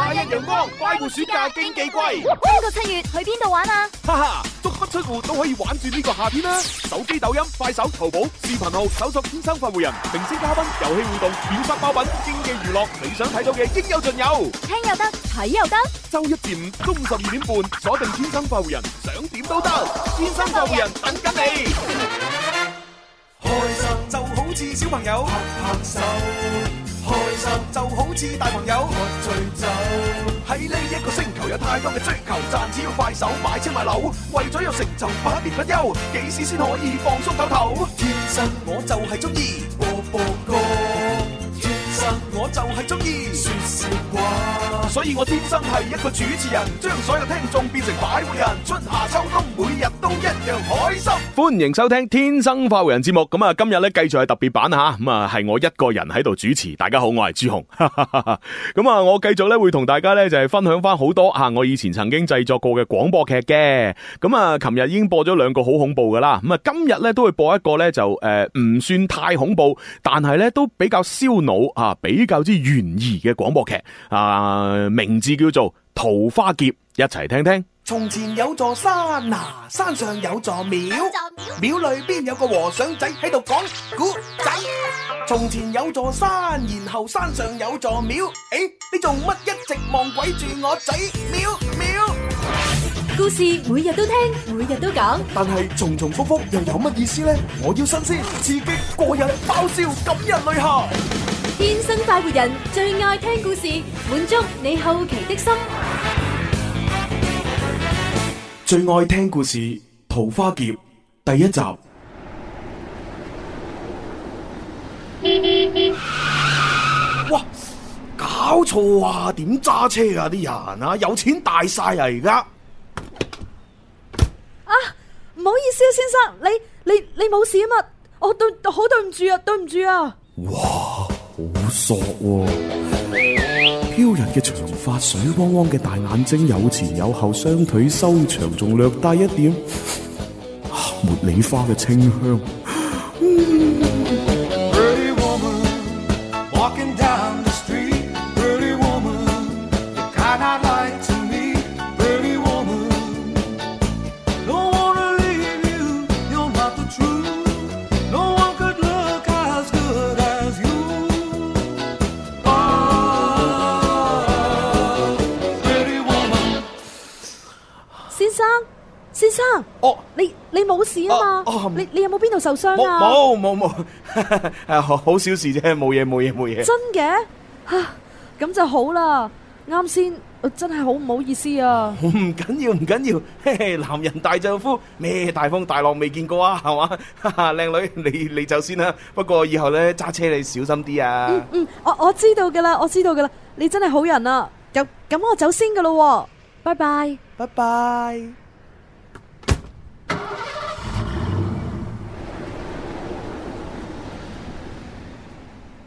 夏日陽光，快活暑假經濟季。今個七月去邊度玩啊？哈哈，足不出戶都可以玩住呢個夏天啦！手機抖音、快手、淘寶、視頻號搜索“天生快活人”，明星嘉賓、遊戲互動、秒殺爆品、經濟娛樂，你想睇到嘅應有盡有。聽又得，睇又得。周一至五中午十二點半，鎖定“天生快活人”，想點都得。天生快活人等緊你，開心就好似小朋友拍手。就好似大朋友，喝醉酒，喺呢一個星球有太多嘅追求，賺錢要快手買車買樓，為咗有成就百年不休，幾時先可以放鬆唞唞？天生我就係中意播放歌，我就係中意說說話，所以，我天生係一個主持人，將所有聽眾變成擺活人。春夏秋冬，每日都一樣開心。歡迎收聽《天生擺活人》節目。咁啊，今日咧繼續係特別版啊吓，咁啊係我一個人喺度主持。大家好，我係朱紅。咁啊，我繼續咧會同大家咧就係分享翻好多吓我以前曾經製作過嘅廣播劇嘅。咁啊，琴日已經播咗兩個好恐怖噶啦。咁啊，今日咧都會播一個咧就誒唔算太恐怖，但係咧都比較燒腦啊。比較之懸疑嘅廣播劇，啊，名字叫做《桃花劫》，一齊聽聽。從前有座山啊，山上有座廟，廟裏邊有個和尚仔喺度講古仔。從前有座山，然後山上有座廟。誒，你做乜一直望鬼住我仔？廟廟，故事每日都聽，每日都講，但係重重復復又有乜意思呢？我要新鮮、刺激、過癮、爆笑、感人淚下。天生快活人最愛聽故事，滿足你好奇的心。最愛聽故事《桃花劫》第一集。 哇！搞錯啊！點揸車啊？啲人啊，有錢大曬啊！而家啊，唔好意思啊，先生，你你你冇事啊嘛？我對好對唔住啊，對唔住啊！哇！好索喎，飄逸嘅長髮，水汪汪嘅大眼睛，有前有後，雙腿修長，仲略帶一點茉莉花嘅清香。嗯先生，先生，哦，你你冇事啊嘛？哦，你你有冇邊度受傷啊？冇冇冇，係好小事啫，冇嘢冇嘢冇嘢。真嘅吓，咁就好啦。啱先，真係好唔好意思啊。唔緊要唔緊要，男人大丈夫咩，大風大浪未見過啊，係嘛？靚女，你你走先啦。不過以後咧，揸車你小心啲啊。嗯嗯，我我知道噶啦，我知道噶啦。你真係好人啊。咁咁，我走先噶咯。拜拜，拜拜。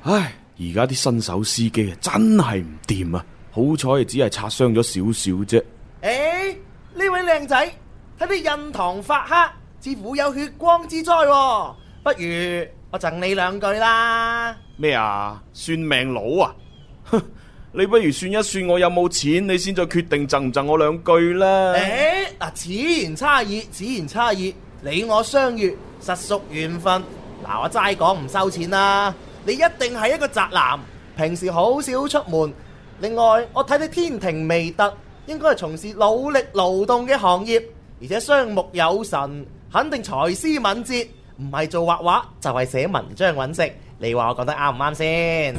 唉，而家啲新手司機啊，真係唔掂啊！好彩只係擦傷咗少少啫。誒，呢位靚仔，睇啲印堂發黑，似乎有血光之災啊。不如我贈你兩句啦。咩啊？算命佬啊？哼！ 你不如算一算我有冇錢，你先再決定贈唔贈我兩句啦。誒，嗱，此言差矣，此言差矣。你我相遇實屬緣分。嗱，啊，我齋講唔收錢啦。你一定係一個宅男，平時好少出門。另外，我睇你天庭微突，應該係從事腦力勞動嘅行業，而且雙目有神，肯定才思敏捷，唔係做畫畫就係、是、寫文章揾食。你話我講得啱唔啱先？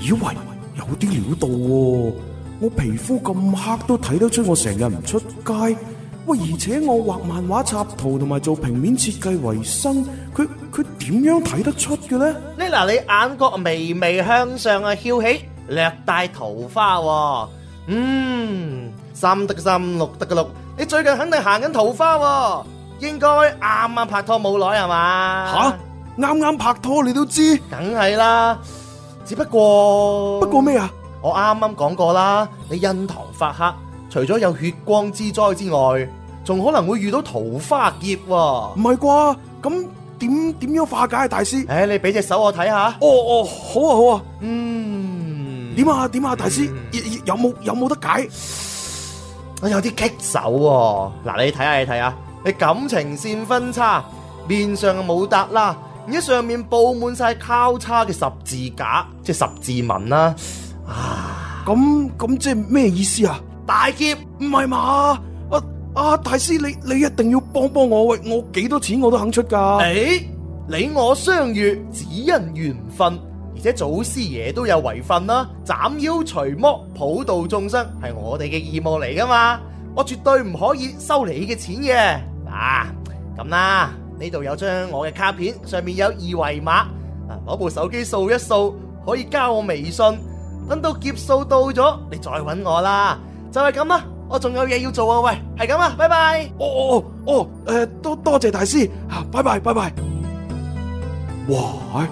以為。有啲料到喎、喔，我皮膚咁黑都睇得出我成日唔出街。喂，而且我畫漫畫插圖同埋做平面設計為生，佢佢點樣睇得出嘅咧？你嗱，你眼角微微向上啊翹起，略帶桃花、啊。嗯，三得嘅三，六得嘅六。你最近肯定行緊桃花、啊，應該啱啱拍拖冇耐係嘛？吓，啱啱拍拖你都知？梗係啦。只不過，不過咩啊？我啱啱講過啦，你印堂發黑，除咗有血光之災之外，仲可能會遇到桃花劫，啊。唔係啩？咁點點樣化解啊，大師？誒、欸，你俾隻手我睇下。哦哦，好啊好啊。嗯，點啊點啊，大師，嗯、有冇有冇得解，解？我有啲棘手，啊。嗱，你睇下你睇下，你感情線分叉，面上冇答啦。而家上面布滿曬交叉嘅十字架，即係十字紋啦。啊，咁咁、啊、即係咩意思啊？大劫唔係嘛？我啊，啊，大師你你一定要幫幫我喂，我幾多錢我都肯出噶。誒，你我相遇只因緣分，而且祖師爺都有遺訓啦，斬妖除魔、普度眾生係我哋嘅義務嚟噶嘛。我絕對唔可以收你嘅錢嘅、啊。啊，咁啦。呢度有張我嘅卡片，上面有二維碼，啊，攞部手機掃一掃，可以加我微信。等到劫數到咗，你再揾我啦。就係咁啦，我仲有嘢要做啊。喂，係咁啊，拜拜。哦哦哦哦，誒、哦哦呃，多多謝大師，吓，拜拜拜拜。哇，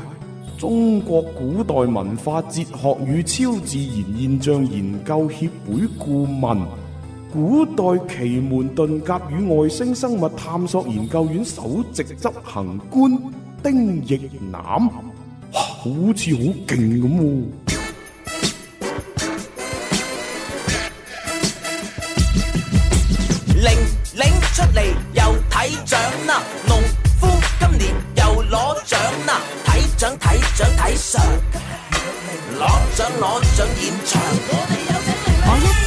中國古代文化哲學與超自然現象研究協會顧問。古代奇門遁甲與外星生物探索研究院首席執行官丁逸南，哇，好似好勁咁喎！拎拎出嚟又睇獎啦，農夫今年又攞獎啦，睇獎睇獎睇誰？攞獎攞獎現場。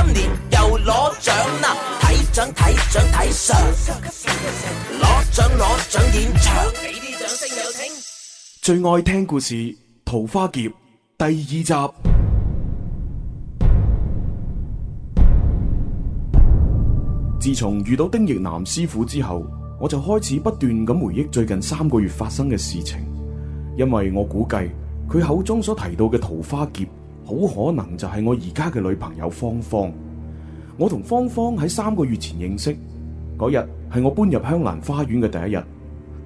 今年又攞獎啦，睇獎睇獎睇上，攞獎攞獎演唱，俾啲掌聲有請。聽最愛聽故事《桃花劫》第二集。自從遇到丁逸南師傅之後，我就開始不斷咁回憶最近三個月發生嘅事情，因為我估計佢口中所提到嘅桃花劫。好可能就係我而家嘅女朋友芳芳。我同芳芳喺三個月前認識，嗰日係我搬入香蘭花園嘅第一日。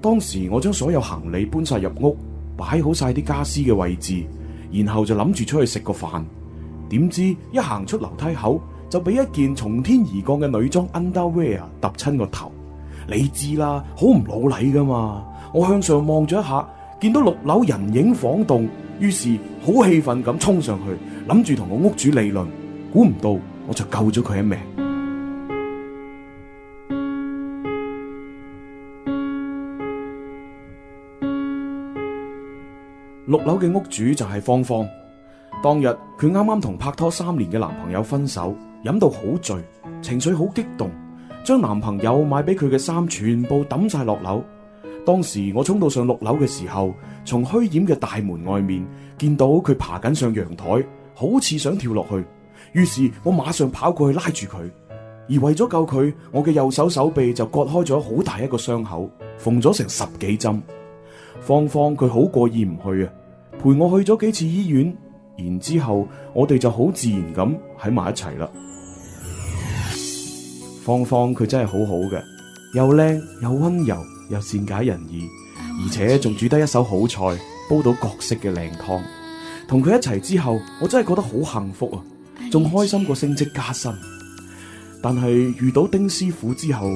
當時我將所有行李搬晒入屋，擺好晒啲家私嘅位置，然後就諗住出去食個飯。點知一行出樓梯口，就俾一件從天而降嘅女裝 underwear 揼親個頭。你知啦，好唔老禮噶嘛。我向上望咗一下，見到六樓人影晃動。於是好氣憤咁衝上去，諗住同個屋主理論，估唔到我就救咗佢一命。六樓嘅屋主就係芳芳，當日佢啱啱同拍拖三年嘅男朋友分手，飲到好醉，情緒好激動，將男朋友買俾佢嘅衫全部抌晒落樓。當時我衝到上六樓嘅時候，從虛掩嘅大門外面見到佢爬緊上陽台，好似想跳落去。於是我馬上跑過去拉住佢，而為咗救佢，我嘅右手手臂就割開咗好大一個傷口，縫咗成十幾針。芳芳佢好過意唔去啊，陪我去咗幾次醫院，然之後我哋就好自然咁喺埋一齊啦。芳芳佢真係好好嘅，又靚又溫柔。又善解人意，而且仲煮得一手好菜，煲到各式嘅靚湯。同佢一齊之後，我真係覺得好幸福啊！仲開心過升職加薪。但係遇到丁師傅之後，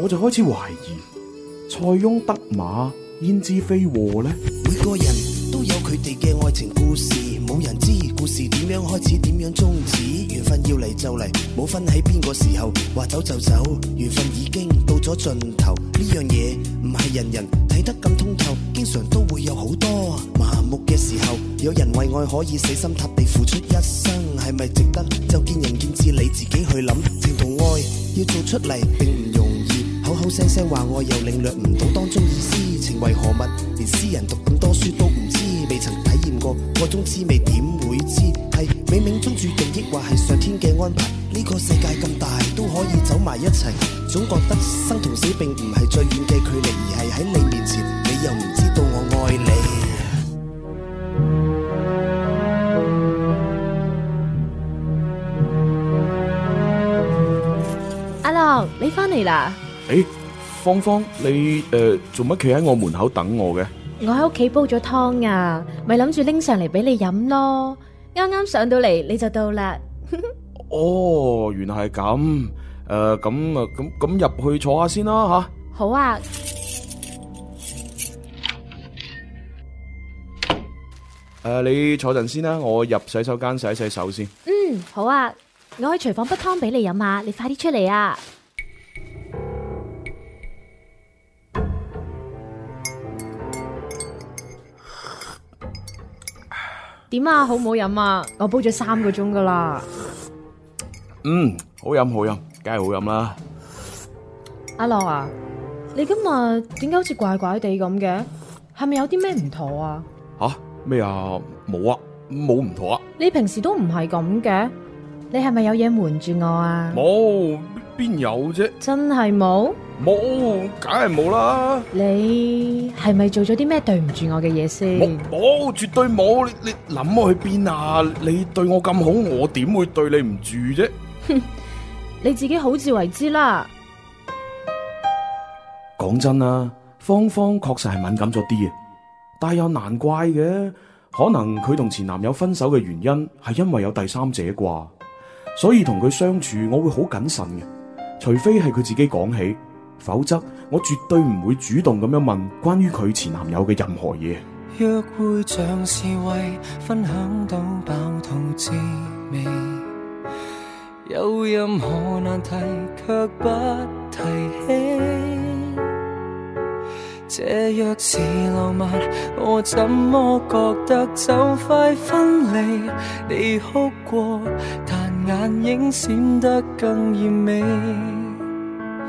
我就開始懷疑：塞翁得馬，焉知非禍呢？每個人都有佢哋嘅愛情故事，冇人知故事點樣開始，點樣終止。緣分要嚟就嚟，冇分喺邊個時候，話走就走。緣分已經到咗盡頭，呢樣嘢，唔係人人睇得咁通透，經常都會有好多麻木嘅時候，有人為愛可以死心塌地付出一生，係咪值得就見仁見智，你自己去諗，情同愛要做出嚟並唔容易，口口聲聲話我又領略唔到當中意思，情為何物？連詩人讀咁多書都唔知，未曾體驗過個中滋味點會知？冥冥中註定，抑或係上天嘅安排？呢個世界咁大，都可以走埋一齊。總覺得生同死並唔係最遠嘅距離，而係喺你面前，你又唔知道我愛你。阿樂，你翻嚟啦？哎，芳芳，你誒做乜企喺我門口等我嘅？我喺屋企煲咗湯啊，咪諗住拎上嚟俾你飲咯。啱啱上到嚟你就到啦！哦，原來係咁，誒，咁啊，咁咁入去坐下先啦，吓。好啊。誒，你坐陣先啦，我入洗手間洗一洗手先。嗯，好啊，我去廚房煲湯俾你飲下，你快啲出嚟啊！點啊，好唔好飲啊？我煲咗三個鐘噶啦。嗯，好飲好飲，梗係好飲啦。阿樂啊，你今日點解好似怪怪地咁嘅？係咪有啲咩唔妥啊？吓？咩啊？冇啊，冇唔妥啊。你平時都唔係咁嘅，你係咪有嘢瞞住我啊？冇，邊有啫？真係冇。冇，梗係冇啦！你係咪做咗啲咩對唔住我嘅嘢先？冇，絕對冇！你你諗我去邊啊？你對我咁好，我點會對你唔住啫？哼， 你自己好自為之啦！講真啊，芳芳確實係敏感咗啲啊，但又難怪嘅，可能佢同前男友分手嘅原因係因為有第三者啩，所以同佢相處我會好謹慎嘅，除非係佢自己講起。否則，我絕對唔會主動咁樣問關於佢前男友嘅任何嘢。約會像是為分享到飽肚滋味，有任何難題卻不提起。這若是浪漫，我怎麼覺得就快分離？你哭過，但眼影閃得更艷美。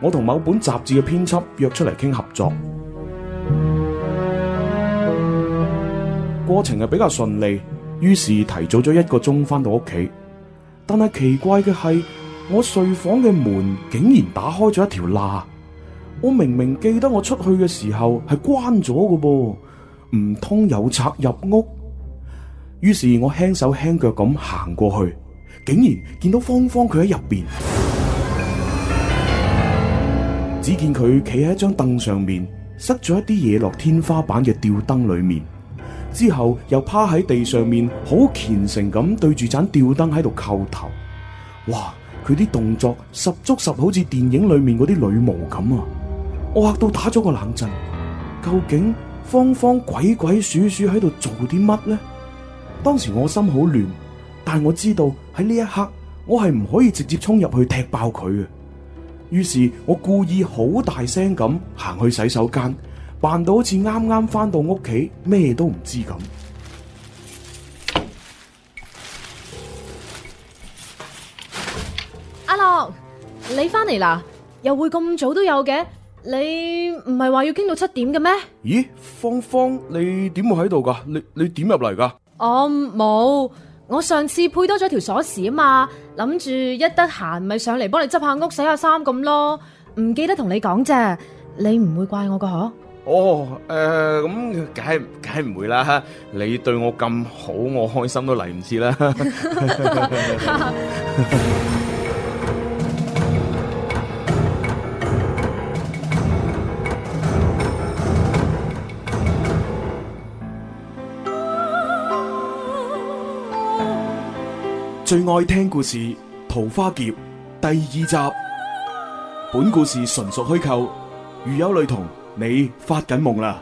我同某本雜誌嘅編輯約出嚟傾合作，過程係比較順利，於是提早咗一個鐘翻到屋企。但係奇怪嘅係，我睡房嘅門竟然打開咗一條罅，我明明記得我出去嘅時候係關咗嘅噃，唔通有賊入屋？於是我輕手輕腳咁行過去，竟然見到芳芳佢喺入邊。只見佢企喺張凳上面，塞咗一啲嘢落天花板嘅吊燈裏面，之後又趴喺地上面，好虔誠咁對住盞吊燈喺度叩頭。哇！佢啲動作十足十好似電影裏面嗰啲女巫咁啊！我嚇到打咗個冷震。究竟芳芳鬼鬼祟祟喺度做啲乜呢？當時我心好亂，但係我知道喺呢一刻，我係唔可以直接衝入去踢爆佢嘅。於是我故意好大聲咁行去洗手間，扮到好似啱啱翻到屋企，咩都唔知咁。阿樂，你翻嚟啦？又會咁早都有嘅？你唔係話要傾到七點嘅咩？咦，芳芳，你點會喺度噶？你你點入嚟噶？我冇、嗯。我上次配多咗條鎖匙啊嘛，諗住一得閒咪上嚟幫你執下屋洗下衫咁咯，唔記得同你講啫，你唔會怪我噶嗬？哦，誒，咁梗係梗係唔會啦，你對我咁好，我開心都嚟唔切啦。最愛聽故事《桃花劫》第二集，本故事純屬虛構，如有雷同，你發緊夢啦。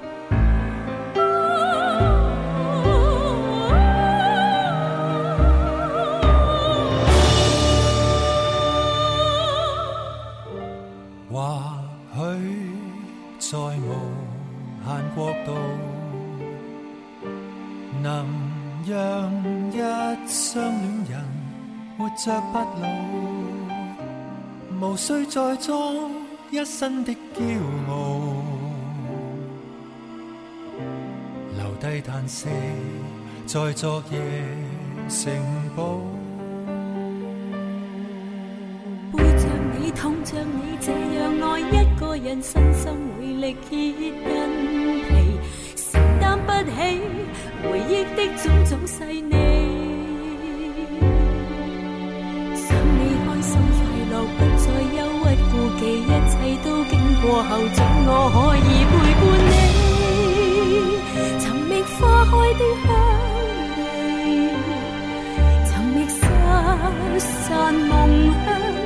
再裝一生的驕傲，留低嘆息在昨夜城堡。背著你，痛着你，這樣愛一個人，身心會力竭筋疲，你承擔不起回憶的種種細膩。過後，總我可以陪伴你，尋覓花開的香味，尋覓失散夢鄉。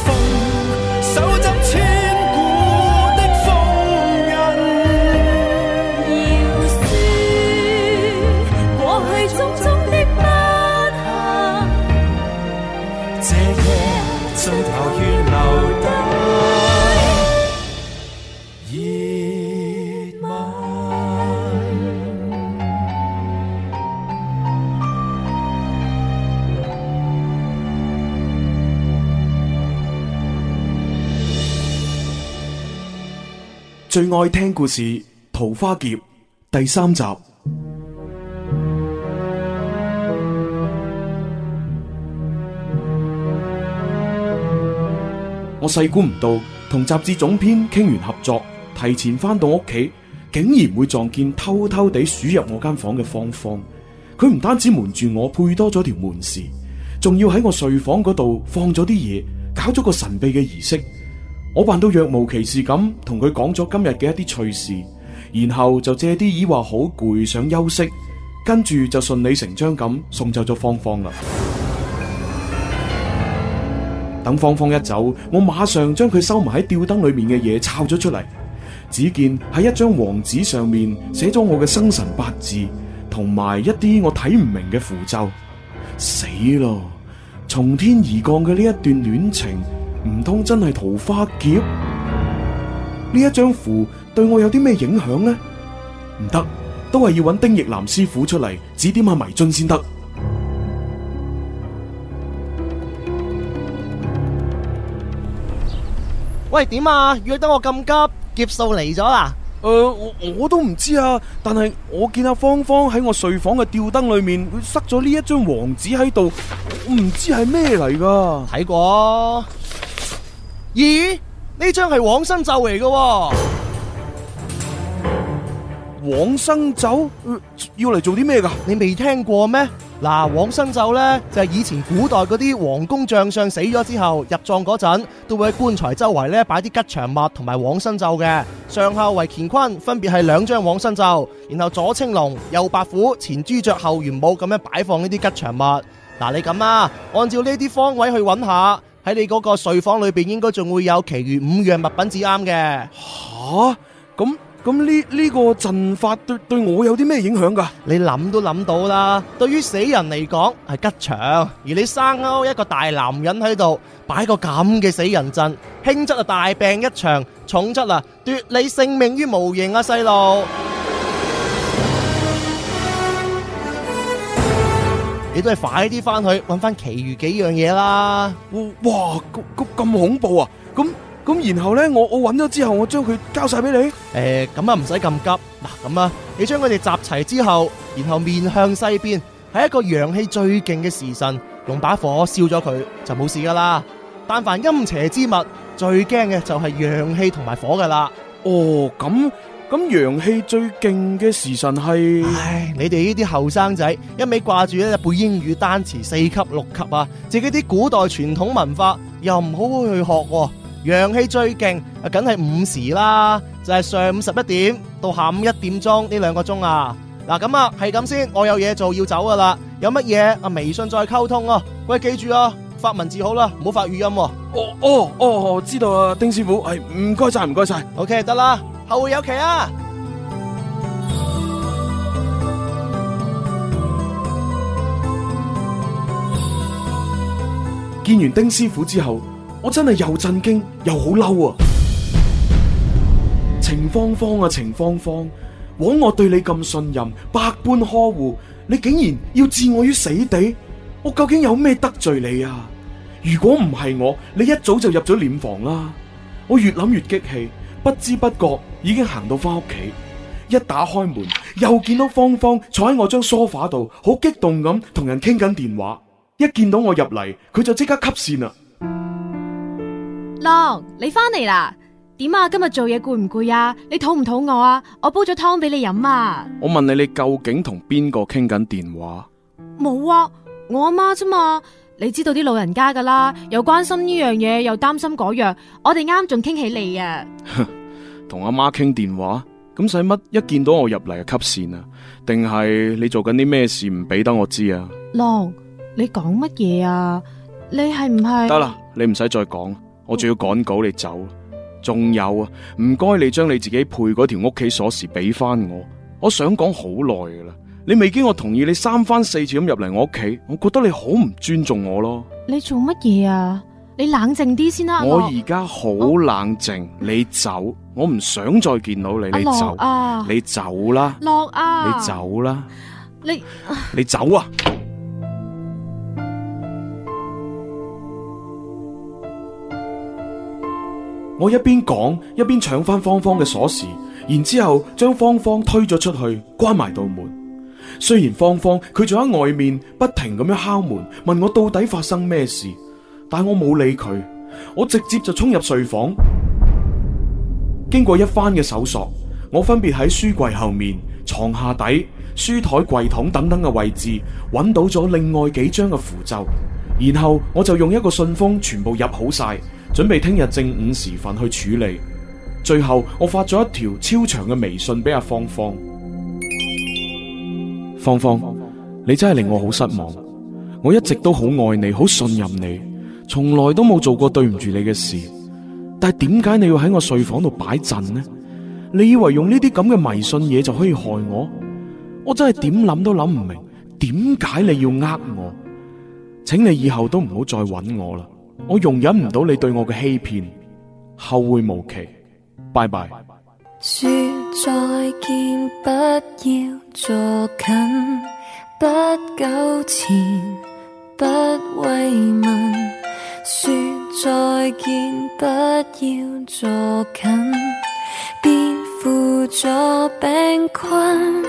最愛聽故事《桃花劫》第三集。 我細估唔到，同雜誌總編傾完合作，提前翻到屋企，竟然會撞見偷偷地鼠入我間房嘅芳芳。佢唔單止瞞住我，配多咗條門匙，仲要喺我睡房嗰度放咗啲嘢，搞咗個神秘嘅儀式。我扮到若無其事咁同佢講咗今日嘅一啲趣事，然後就借啲意話好攰想休息，跟住就順理成章咁送走咗芳芳啦。 等芳芳一走，我馬上將佢收埋喺吊燈裏面嘅嘢抄咗出嚟，只見喺一張黃紙上面寫咗我嘅生辰八字，同埋一啲我睇唔明嘅符咒。死咯！從天而降嘅呢一段戀情。唔通真係桃花劫？呢一張符對我有啲咩影響呢？唔得，都係要揾丁逸南師傅出嚟指點下迷津先得。喂，點啊？約得我咁急，劫數嚟咗啦？誒、呃，我我都唔知啊，但係我見阿芳芳喺我睡房嘅吊燈裏面，塞咗呢一張黃紙喺度，我唔知係咩嚟噶？睇過。咦？呢張係往生咒嚟噶往生咒要嚟做啲咩噶你未聽過咩？嗱，往生咒呢，就係以前古代嗰啲王公將相死咗之後入葬嗰陣都會喺棺材周圍呢，擺啲吉祥物同埋往生咒嘅上下為乾坤，分別係兩張往生咒，然後左青龍右白虎，前朱雀後玄武咁樣擺放呢啲吉祥物。嗱，你咁啦，按照呢啲方位去揾下。喺你嗰個睡房裏邊，應該仲會有其餘五樣物品至啱嘅。吓，咁咁呢呢個陣法對對我有啲咩影響㗎？你諗都諗到啦。對於死人嚟講係吉祥，而你生勾一個大男人喺度擺個咁嘅死人陣，輕則啊大病一場，重則啊奪你性命於無形啊，細路。你都係快啲翻去揾翻其餘幾樣嘢啦！哇，咁恐怖啊！咁咁然後呢，我我揾咗之後，我將佢交晒俾你。誒、呃，咁啊唔使咁急。嗱，咁啊，你將佢哋集齊之後，然後面向西邊，喺一個陽氣最勁嘅時辰，用把火燒咗佢就冇事噶啦。但凡陰邪之物，最驚嘅就係陽氣同埋火噶啦。哦，咁。咁陽氣最勁嘅時辰係，唉，你哋呢啲後生仔一味掛住一日背英語單詞四級六級啊，自己啲古代傳統文化又唔好好去學。陽氣最勁啊，梗係、啊、午時啦，就係、是、上午十一點到下午一點鐘呢兩個鐘啊。嗱，咁啊，係咁先，我有嘢做要走噶啦。有乜嘢啊？微信再溝通啊。喂，記住啊，發文字好啦，唔好發語音，啊哦。哦哦哦，知道啊，丁師傅，係唔該晒，唔該晒。謝謝 OK，得啦。後會有期啊！見完丁師傅之後，我真係又震驚又好嬲啊！程芳芳啊，程芳芳，枉我對你咁信任，百般呵護，你竟然要置我於死地！我究竟有咩得罪你啊？如果唔係我，你一早就入咗殮房啦！我越諗越激氣。不知不覺已經行到翻屋企，一打開門又見到芳芳坐喺我張梳化度，好激動咁同人傾緊電話。一見到我入嚟，佢就即刻吸線啦。浪，你翻嚟啦？點啊？今日做嘢攰唔攰啊？你肚唔肚餓啊？我煲咗湯俾你飲啊！我問你，你究竟同邊個傾緊電話？冇啊，我阿媽啫嘛。你知道啲老人家噶啦，又關心呢樣嘢，又擔心嗰樣。我哋啱啱仲傾起你啊！同阿媽傾電話，咁使乜？一見到我入嚟，就吸線啊？定係你做緊啲咩事唔俾得我知啊？朗，你講乜嘢啊？你係唔係？得啦，你唔使再講，我仲要趕稿，你走。仲有啊，唔該你將你自己配嗰條屋企鎖匙俾翻我，我想講好耐噶啦。你未經我同意，你三番四次咁入嚟我屋企，我覺得你好唔尊重我咯。你做乜嘢啊？你冷靜啲先啦，啊。我而家好冷靜，啊、你走，我唔想再見到你。你走啊，你走啦。落啊，你走啦。你你走啊。 我一邊講一邊搶翻芳芳嘅鎖匙，然之後將芳芳推咗出去，關埋道門。雖然芳芳佢仲喺外面不停咁樣敲門問我到底發生咩事，但我冇理佢，我直接就衝入睡房。經過一番嘅搜索，我分別喺書櫃後面、床下底、書台櫃桶等等嘅位置揾到咗另外幾張嘅符咒，然後我就用一個信封全部入好晒，準備聽日正午時份去處理。最後，我發咗一條超長嘅微信俾阿芳芳。芳芳，你真係令我好失望。我一直都好愛你，好信任你，從來都冇做過對唔住你嘅事。但係點解你要喺我睡房度擺陣呢？你以為用呢啲咁嘅迷信嘢，就可以害我？我真係點諗都諗唔明，點解你要呃我？請你以後都唔好再揾我啦，我容忍唔到你對我嘅欺騙。後會無期，拜拜。拜拜。再見，不要坐近，不久前，不慰問。說再見，不要坐近，便附助病菌。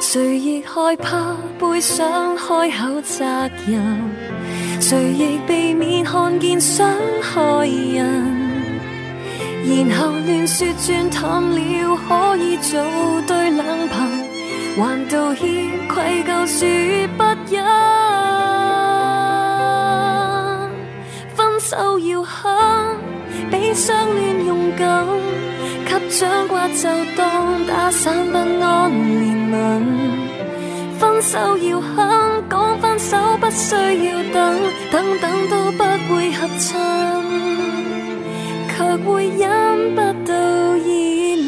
誰亦害怕背上開口責任，誰亦避免看見傷害人。然後亂說轉淡了，可以做對冷朋，還道歉愧疚說不忍。分手要狠，比相戀勇敢，給掌摑就當打散不安憐憫。分手要狠，講分手不需要等，等等都不會合襯。不到意，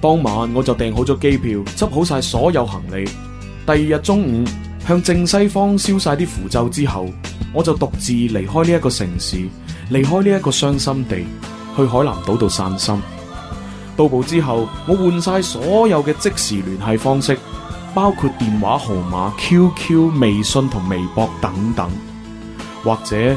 當晚我就訂好咗機票，執好晒所有行李。第二日中午，向正西方燒晒啲符咒之後，我就獨自離開呢一個城市，離開呢一個傷心地，去海南島度散心。到步之後，我換晒所有嘅即時聯繫方式，包括電話號碼、QQ、微信同微博等等，或者。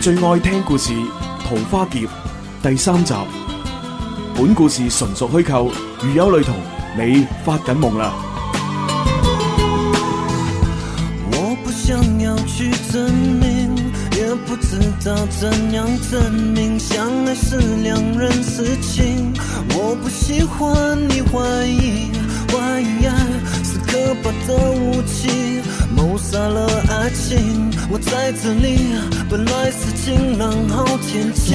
最愛聽故事《桃花劫》第三集，本故事純屬虛構，如有雷同，你發緊夢啦。 我在這裏，本來是晴朗好天氣。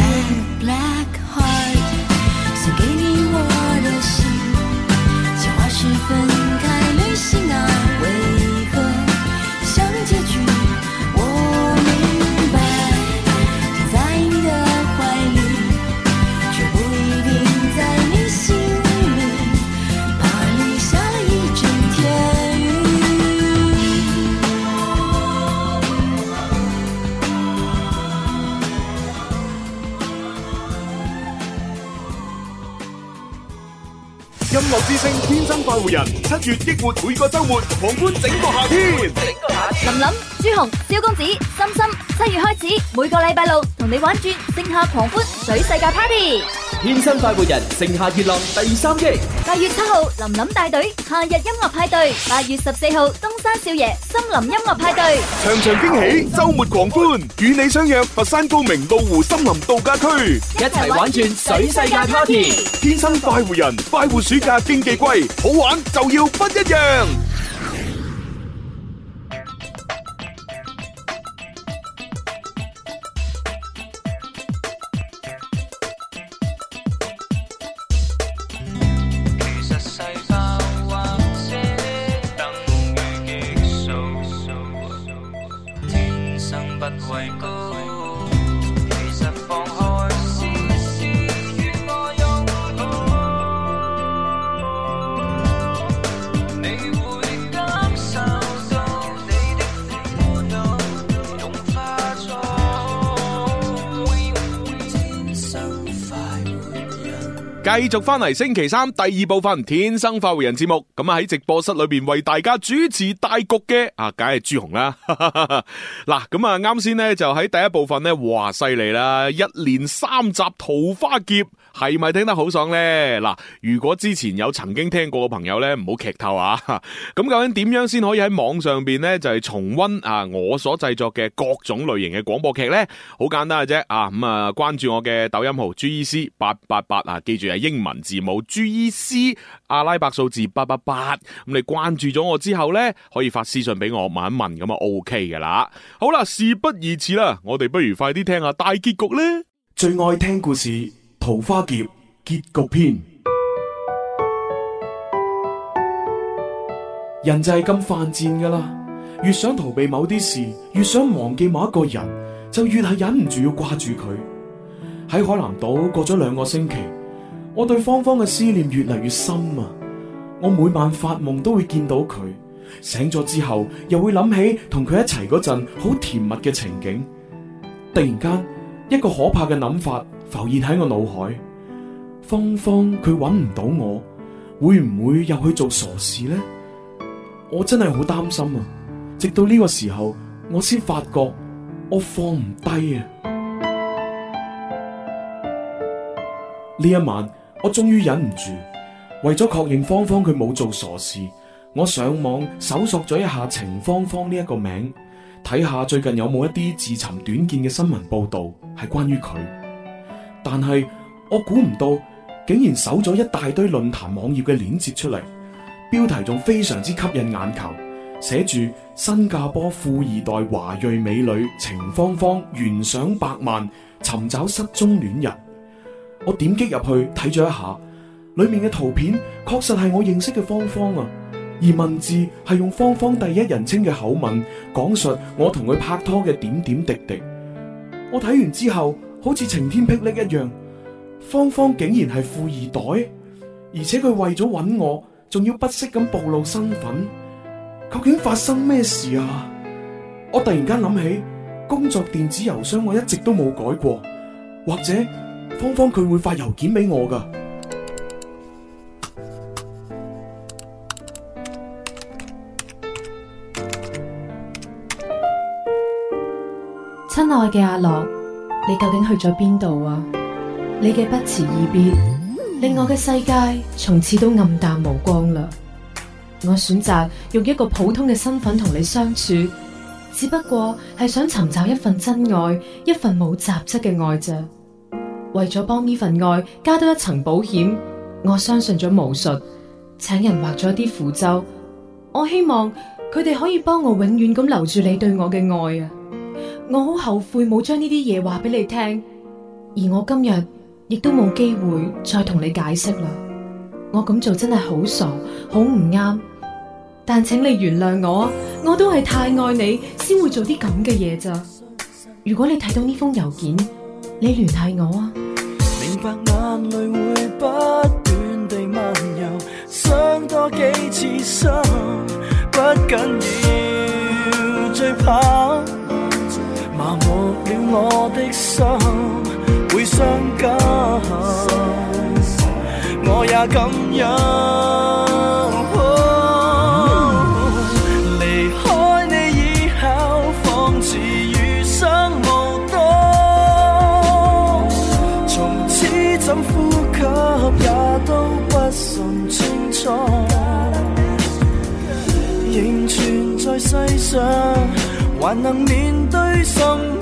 天生快活人，七月激活每個周末狂歡整個夏天。整個夏天？琳琳、朱紅、蕭公子、心心，七月開始每個禮拜六同你玩轉盛夏狂歡水世界 party。天生快活人，盛夏熱浪第三期。八月七號，林林大隊夏日音樂派對。八月十四號，東山少爺森林音樂派對。場場驚喜，周末狂歡，與你相約佛山高明鷺湖森林度假區，一齊起玩轉水世界 Party。天生快活人，快活暑假更寄歸，好玩就要不一樣。繼續翻嚟星期三第二部分《天生化為人》節目，咁啊喺直播室裏邊為大家主持大局嘅啊，梗係朱紅啦。嗱，咁啊啱先呢就喺第一部分呢，哇犀利啦，一連三集桃花劫。係咪聽得好爽呢？嗱，如果之前有曾經聽過嘅朋友呢，唔好劇透啊！咁 究竟點樣先可以喺網上邊呢？就係、是、重温啊我所製作嘅各種類型嘅廣播劇呢。好簡單嘅啫啊！咁、嗯、啊，關注我嘅抖音號 G E C 八八八啊，記住係英文字母 G E C 阿拉伯數字八八八。咁你關注咗我之後呢，可以發私信俾我問一問，咁啊 OK 噶啦。好啦，事不宜遲啦，我哋不如快啲聽下大結局呢。最愛聽故事。桃花劫結局篇，人就係咁犯賤噶啦！越想逃避某啲事，越想忘記某一個人，就越係忍唔住要掛住佢。喺海南島過咗兩個星期，我對芳芳嘅思念越嚟越深啊！我每晚發夢都會見到佢，醒咗之後又會諗起同佢一齊嗰陣好甜蜜嘅情景。突然間，一個可怕嘅諗法。浮現喺我腦海，芳芳佢揾唔到我，會唔會又去做傻事呢？我真係好擔心啊！直到呢個時候，我先發覺我放唔低啊！呢一晚，我終於忍唔住，為咗確認芳芳佢冇做傻事，我上網搜索咗一下程芳芳呢一個名，睇下最近有冇一啲自尋短見嘅新聞報道係關於佢。但係我估唔到，竟然搜咗一大堆論壇網頁嘅鏈接出嚟，標題仲非常之吸引眼球，寫住新加坡富二代華裔美女程芳芳懸賞百萬尋找失蹤戀人。我點擊入去睇咗一下，裏面嘅圖片確實係我認識嘅芳芳啊，而文字係用芳芳第一人稱嘅口吻講述我同佢拍拖嘅點點滴滴。我睇完之後。好似晴天霹靂一樣，芳芳竟然係富二代，而且佢為咗揾我，仲要不惜咁暴露身份。究竟發生咩事啊？我突然間諗起，工作電子郵箱我一直都冇改過，或者芳芳佢會發郵件俾我噶。親愛嘅阿樂。你究竟去咗邊度啊？你嘅不辭而別，令我嘅世界從此都暗淡無光啦。我選擇用一個普通嘅身份同你相處，只不過係想尋找一份真愛，一份冇雜質嘅愛啫。為咗幫呢份愛加多一層保險，我相信咗巫術，請人畫咗啲符咒。我希望佢哋可以幫我永遠咁留住你對我嘅愛啊！我好後悔冇將呢啲嘢話俾你聽，而我今日亦都冇機會再同你解釋啦。我咁做真係好傻，好唔啱，但請你原諒我，我都係太愛你先會做啲咁嘅嘢咋。如果你睇到呢封郵件，你聯繫我啊。明白眼淚會不斷地漫遊，想多幾次傷，不緊要。最怕了我的心會傷感，我也敢忍。離、哦、開你以後，仿似餘生無多。從此怎呼吸也都不甚清楚，仍存在世上，還能面對甚麼？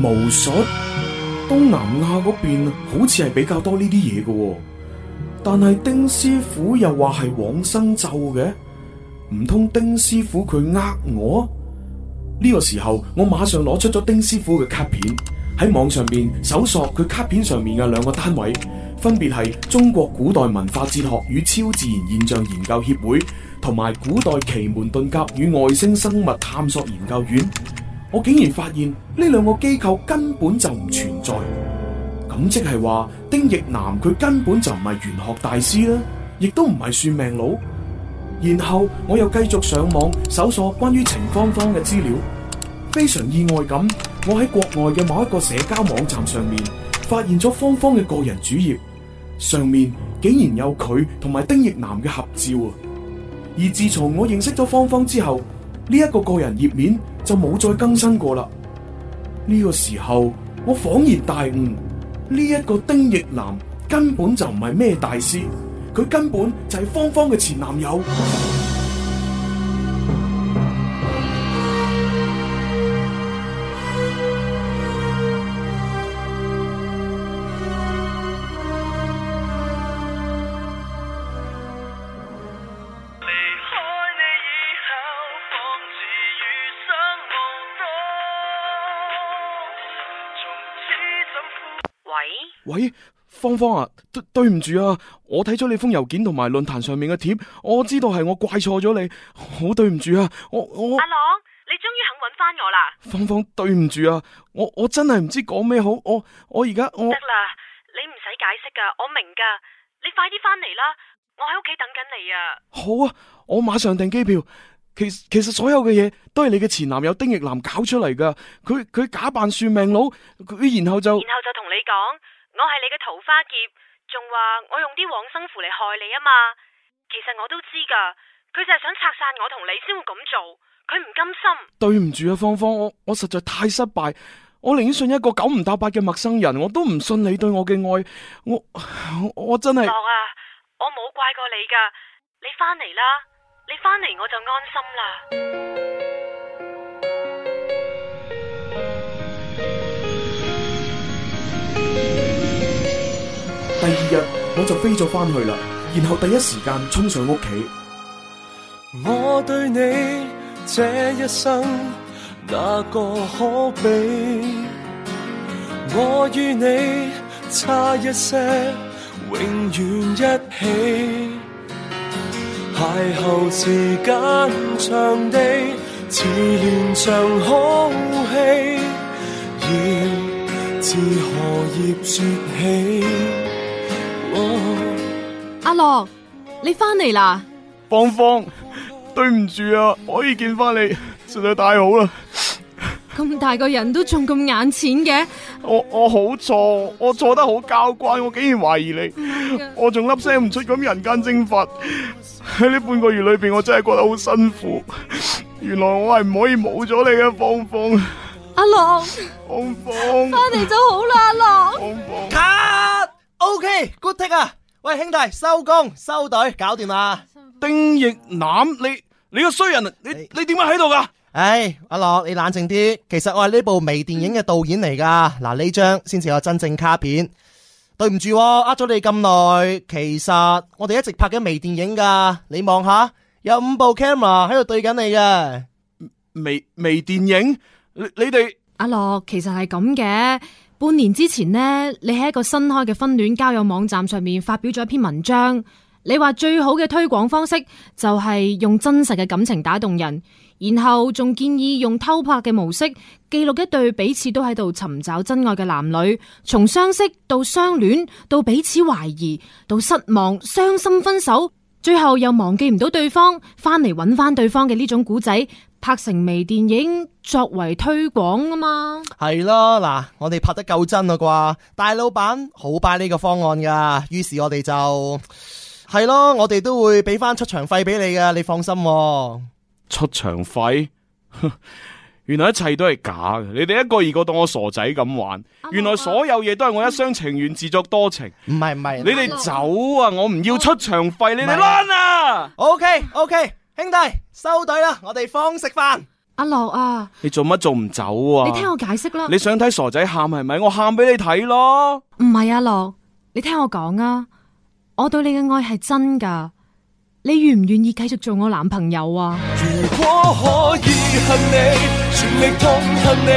巫術？東南亞嗰邊好似係比較多呢啲嘢嘅，但係丁師傅又話係往生咒嘅，唔通丁師傅佢呃我？呢個時候，我馬上攞出咗丁師傅嘅卡片，喺網上面搜索佢卡片上面嘅兩個單位，分別係中國古代文化哲學與超自然現象研究協會同埋古代奇門遁甲與外星生物探索研究院。我竟然發現呢兩個機構根本就唔存在，咁即係話丁逸南佢根本就唔係玄學大師啦，亦都唔係算命佬。然後我又繼續上網搜索關於程芳芳嘅資料，非常意外咁，我喺國外嘅某一個社交網站上面發現咗芳芳嘅個人主頁，上面竟然有佢同埋丁亦南嘅合照啊！而自從我認識咗芳芳之後，呢一個個人頁面就冇再更新過啦。呢個時候我恍然大悟，呢一個丁亦南根本就唔係咩大師。佢根本就係芳芳嘅前男友。喂喂。喂。芳芳啊，對對唔住啊，我睇咗你封郵件同埋論壇上面嘅貼，我知道係我怪錯咗你，好對唔住啊，我我阿朗，你終於肯搵翻我啦，芳芳對唔住啊，我我真係唔知講咩好，我我而家我得啦，你唔使解釋噶，我明噶，你快啲翻嚟啦，我喺屋企等緊你啊，好啊，我馬上訂機票，其其實所有嘅嘢都係你嘅前男友丁逸南搞出嚟噶，佢佢假扮算命佬，佢然後就然後就同你講。我係你嘅桃花劫，仲話我用啲往生符嚟害你啊嘛！其實我都知噶，佢就係想拆散我同你先會咁做，佢唔甘心。對唔住啊，芳芳，我我實在太失敗，我寧願信一個九唔搭八嘅陌生人，我都唔信你對我嘅愛，我我，我真係。樂啊，我冇怪過你噶，你翻嚟啦，你翻嚟我就安心啦。第二日我就飛咗翻去啦，然後第一時間衝上屋企。我對你這一生哪個可比？我與你差一些，永遠一起。邂逅時間長地似連場好戲，要自荷葉説起。阿樂，你翻嚟啦！芳芳，對唔住啊，可以見翻你，實在太好啦！咁 大個人都仲咁眼淺嘅？我我好錯，我錯得好交關，我竟然懷疑你，我仲粒聲唔出咁人間蒸發喺呢半個月裏邊，我真係覺得好辛苦。原來我係唔可以冇咗你啊，芳芳 朗方！阿樂，芳芳方，翻嚟就好啦，阿樂。O K，good take 啊！喂，兄弟，收工收隊，搞掂啦！丁亦南，你你個衰人，你你點解喺度噶？哎，阿樂，你冷靜啲。其實我係呢部微電影嘅導演嚟噶。嗱，呢張先至有真正卡片。對唔住，呃咗你咁耐。其實我哋一直拍緊微電影噶。你望下，有五部 camera 喺度對緊你嘅微微電影。你你哋阿樂，其實係咁嘅。半年之前呢，你喺一個新開嘅婚戀交友網站上面發表咗一篇文章，你話最好嘅推廣方式就係用真實嘅感情打動人，然後仲建議用偷拍嘅模式記錄一對彼此都喺度尋找真愛嘅男女，從相識到相戀，到彼此懷疑，到失望、傷心、分手，最後又忘記唔到對方，翻嚟揾翻對方嘅呢種古仔。拍成微電影作為推廣吖嘛？係咯，嗱，我哋拍得夠真啦啩！大老闆好拜呢個方案噶，於是我哋就係咯，我哋都會俾翻出場費俾你嘅，你放心。出場費， 原來一切都係假嘅。你哋一個二個當我傻仔咁玩，啊、原來所有嘢都係我一廂情願、嗯、自作多情。唔係唔係，你哋走啊！啊我唔要出場費，啊、你哋 run 啊，是啊！OK OK。兄弟收隊啦，我哋放食飯。阿樂啊，你做乜仲唔走啊？你聽我解釋啦。你想睇傻仔喊係咪？我喊俾你睇咯。唔係阿樂，你聽我講啊，我對你嘅愛係真噶，你願唔願意繼續做我男朋友啊？如果可以恨你，全力痛恨你，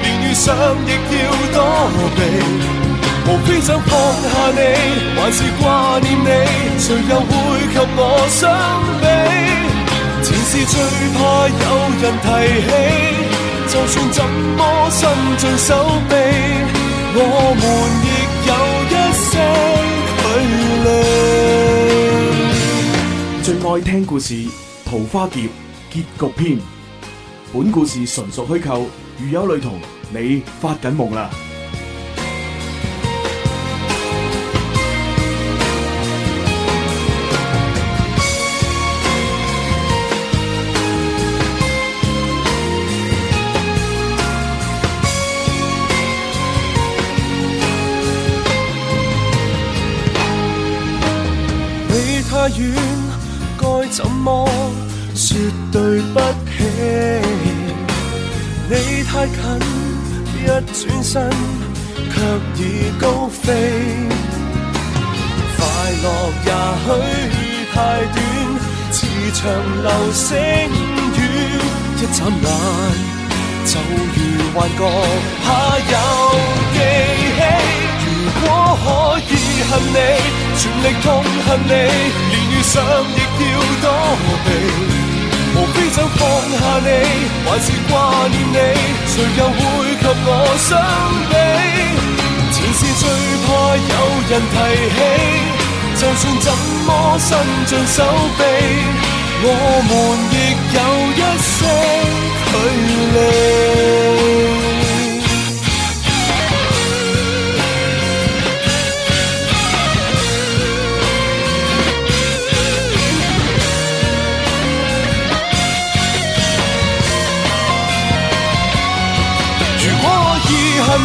連遇上亦要躲避，無非想放下你，還是掛念你，誰又會及我傷悲？是最怕有人提起，就算怎麼伸盡手臂，我們亦有一些距離。 最愛聽故事《桃花劫》結局篇，本故事純屬虛構，如有雷同，你發緊夢啦。遠該怎麼說對不起？你太近，一轉身卻已高飛。快樂也許太短，似場流星雨，一眨眼就如幻覺，怕有記起。如果可以。恨你，全力痛恨你，連遇上亦要躲避。無非想放下你，還是掛念你，誰又會及我相比？前事最怕有人提起，就算怎麼伸盡手臂，我們亦有一些距離。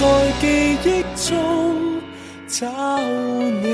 在愛在記憶中找你，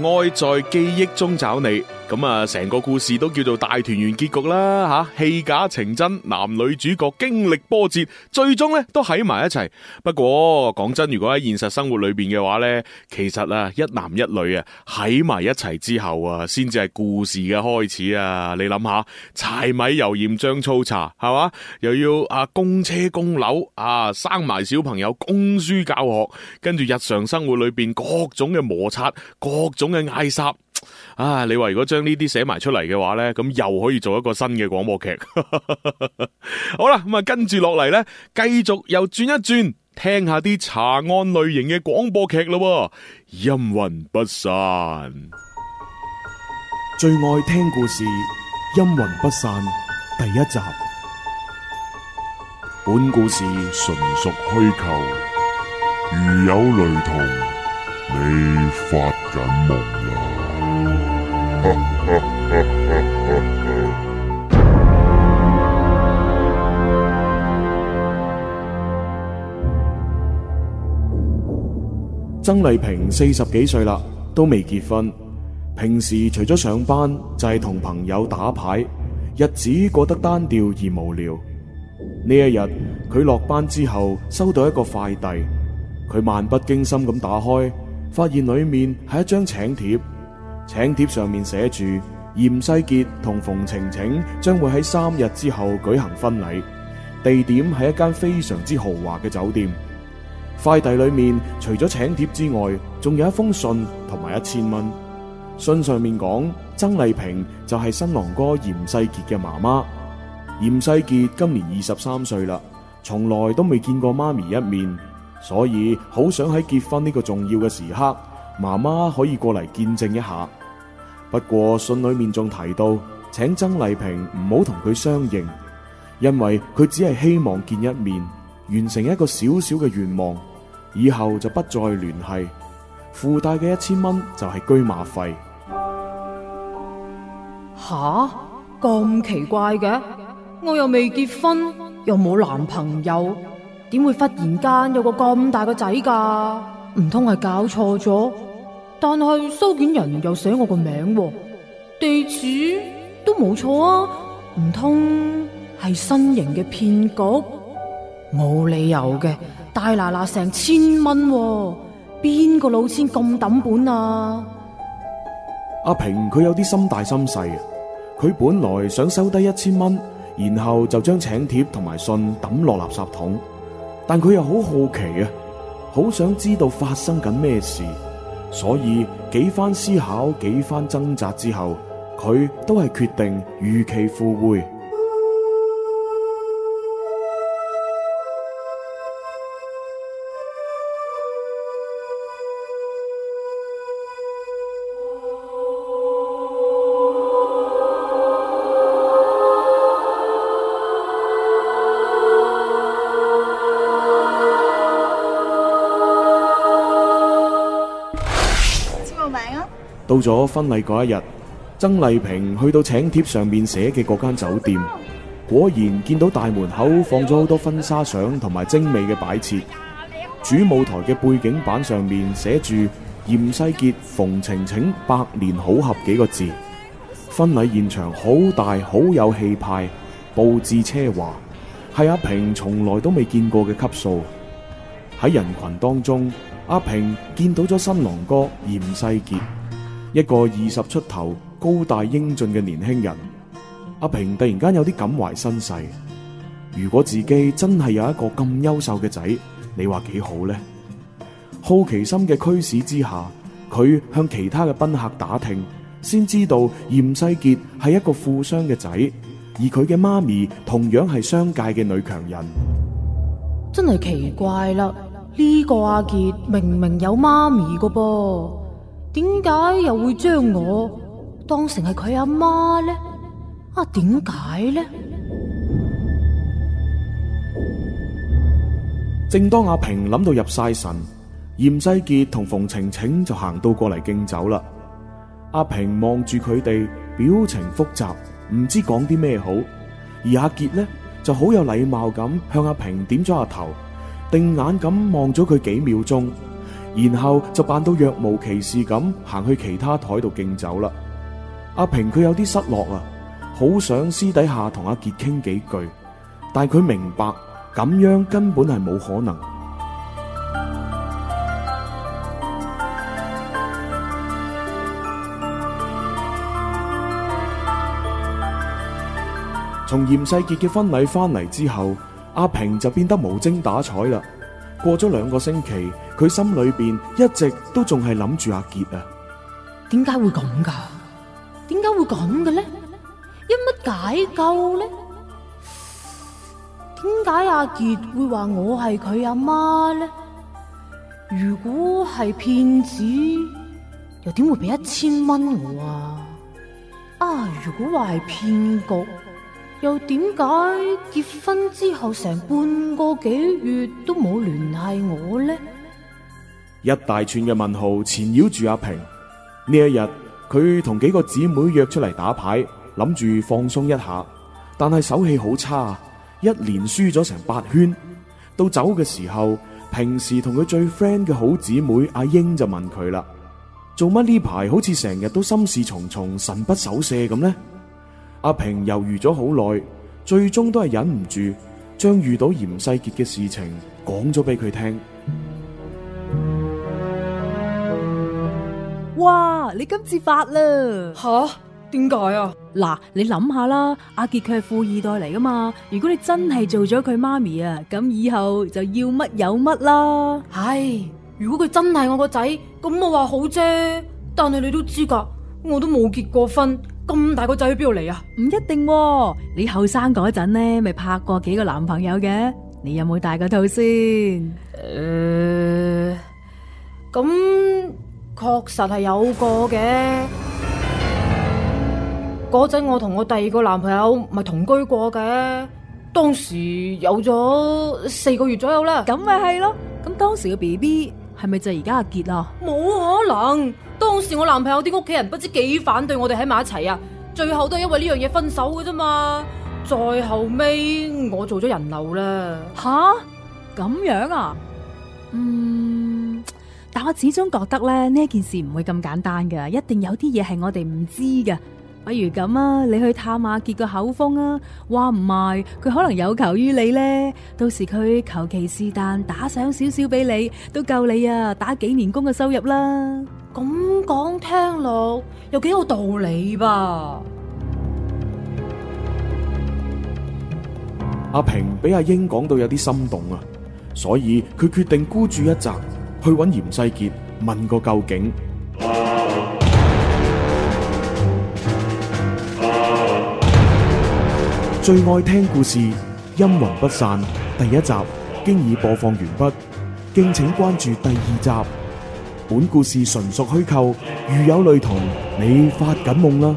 愛在記憶中找你。咁啊，成個故事都叫做大團圓結局啦，吓、啊、戲假情真，男女主角經歷波折，最終咧都喺埋一齊。不過講真，如果喺現實生活裏邊嘅話呢，其實啊，一男一女啊喺埋一齊之後啊，先至係故事嘅開始啊。你諗下，柴米油鹽醬醋茶係嘛，又要啊供車供樓啊，生埋小朋友，供書教學，跟住日常生活裏邊各種嘅摩擦，各種嘅嗌殺。啊！你話如果將呢啲寫埋出嚟嘅話呢，咁又可以做一個新嘅廣播劇。 好啦，咁啊，跟住落嚟呢繼續又轉一轉，聽下啲查案類型嘅廣播劇咯。陰魂不散，最愛聽故事。陰魂不散第一集，本故事純屬虛構，如有雷同，你發緊夢。曾麗萍四十幾歲啦，都未結婚。平時除咗上班，就係同朋友打牌，日子過得單調而無聊。呢一日，佢落班之後收到一個快遞，佢漫不經心咁打開，發現裏面係一張請帖。請帖上面寫住嚴世傑同馮晴晴將會喺三日之後舉行婚禮，地點係一間非常之豪華嘅酒店。快遞裏面除咗請帖之外，仲有一封信同埋一千蚊。信上面講，曾麗萍就係新郎哥嚴世傑嘅媽媽。嚴世傑今年二十三歲啦，從來都未見過媽咪一面，所以好想喺結婚呢個重要嘅時刻，媽媽可以過嚟，見證一下。不過信裏面仲提到，請曾麗萍唔好同佢相認，因為佢只係希望見一面，完成一個小小嘅願望，以後就不再聯繫。附帶嘅一千蚊就係車馬費。吓，咁奇怪嘅？我又未結婚，又冇男朋友，點會忽然間有個咁大個仔噶？唔通係搞錯咗？但係收件人又寫我個名，地址都冇錯啊！唔通係新型嘅騙局？冇理由嘅，大拿拿成千蚊喎，邊個老千咁抌本啊？阿平佢有啲心大心細啊，佢本來想收低一千蚊，然後就將請帖同埋信抌落垃圾桶，但佢又好好奇啊，好想知道發生緊咩事。所以幾番思考、幾番掙扎之後，佢都係決定如期赴會。到咗婚禮嗰一日，曾麗萍去到請帖上面寫嘅嗰間酒店，果然見到大門口放咗好多婚紗相同埋精美嘅擺設。主舞台嘅背景板上面寫住嚴世杰馮晴晴百年好合幾個字。婚禮現場好大，好有氣派，布置奢華，係阿平從來都未見過嘅級數。喺人群當中，阿平見到咗新郎哥嚴世杰。一個二十出頭，高大英俊嘅年輕人，阿平突然間有啲感懷身世。如果自己真係有一個咁優秀嘅仔，你話幾好呢？好奇心嘅驅使之下，佢向其他嘅賓客打聽，先知道嚴世杰係一個富商嘅仔，而佢嘅媽咪同樣係商界嘅女強人。真係奇怪啦！呢個阿杰明明有媽咪嘅噃。點解又會將我當成係佢阿媽咧？啊，點解咧？正當阿平諗到入晒神，嚴世傑同馮晴晴就行到過嚟敬酒啦。阿平望住佢哋，表情複雜，唔知講啲咩好。而阿傑呢，就好有禮貌咁向阿平點咗下頭，定眼咁望咗佢幾秒鐘。然後就扮到若無其事咁行去其他台度敬酒啦。阿平佢有啲失落啊，好想私底下同阿傑傾幾句，但佢明白咁樣根本係冇可能。 從嚴世傑嘅婚禮翻嚟之後，阿平就變得無精打采啦。過咗兩個星期，佢心裏邊一直都仲係諗住阿杰啊。點解會咁噶？點解會咁嘅咧？因乜解救咧？點解阿杰會話我係佢阿媽咧？如果係騙子，又點會俾一千蚊我啊？啊，如果話係騙局？又點解結婚之後成半個幾月都冇聯繫我呢？一大串嘅問號纏繞住阿平。呢一日佢同幾個姊妹約出嚟打牌，諗住放鬆一下，但係手氣好差，一連輸咗成八圈。到走嘅時候，平時同佢最 friend 嘅好姊妹阿英就問佢啦：「做乜呢排好似成日都心事重重、神不守舍咁呢？」阿平猶豫咗好耐，最終都係忍唔住，將遇到嚴世傑嘅事情講咗俾佢聽。哇！你今次發啦？吓？點解啊？嗱，你諗下啦，阿傑佢係富二代嚟噶嘛？如果你真係做咗佢媽咪啊，咁以後就要乜有乜啦。唉，如果佢真係我個仔，咁我話好啫。但係你都知噶，我都冇結過婚。咁大個仔去邊度嚟啊？唔一定，你後生嗰陣咧，咪拍過幾個男朋友嘅？你有冇戴過套先？咁確實係有過嘅。嗰陣我同我第二個男朋友咪同居過嘅，當時有咗四個月左右啦，咁咪係咯。咁當時嘅 BB。係咪就係而家阿杰啊？冇，可能當時我男朋友啲屋企人不知幾反對我哋喺埋一齊啊，最後都係因為呢樣嘢分手嘅啫嘛。再後尾我做咗人流啦。吓，咁樣啊？嗯，但我始終覺得咧，呢件事唔會咁簡單嘅，一定有啲嘢係我哋唔知嘅。比如咁啊，你去探阿杰個口風啊，話唔埋佢可能有求於你咧，到時佢求其是但打賞少少俾你，都夠你啊打幾年工嘅收入啦。咁講聽落又幾有道理吧？阿平俾阿英講到有啲心動啊，所以佢決定孤注一擲去揾嚴世杰問個究竟。最愛聽故事，陰魂不散第一集經已播放完畢，敬請關注第二集。本故事純屬虛構，如有類同，你發緊夢啦。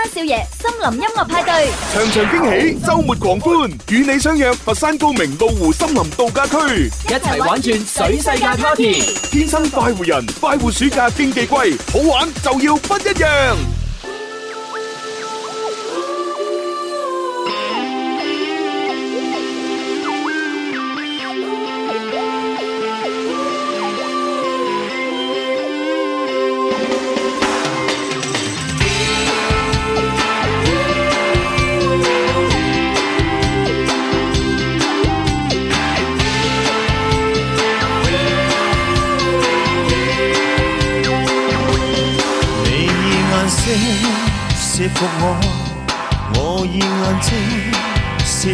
山少爺森林音樂派對，場場驚喜，周末狂歡，與你相約佛山高明鷺湖森林度假區，一齊玩轉水世界 Party。天生快活人，快活暑假更寄歸，好玩就要不一樣。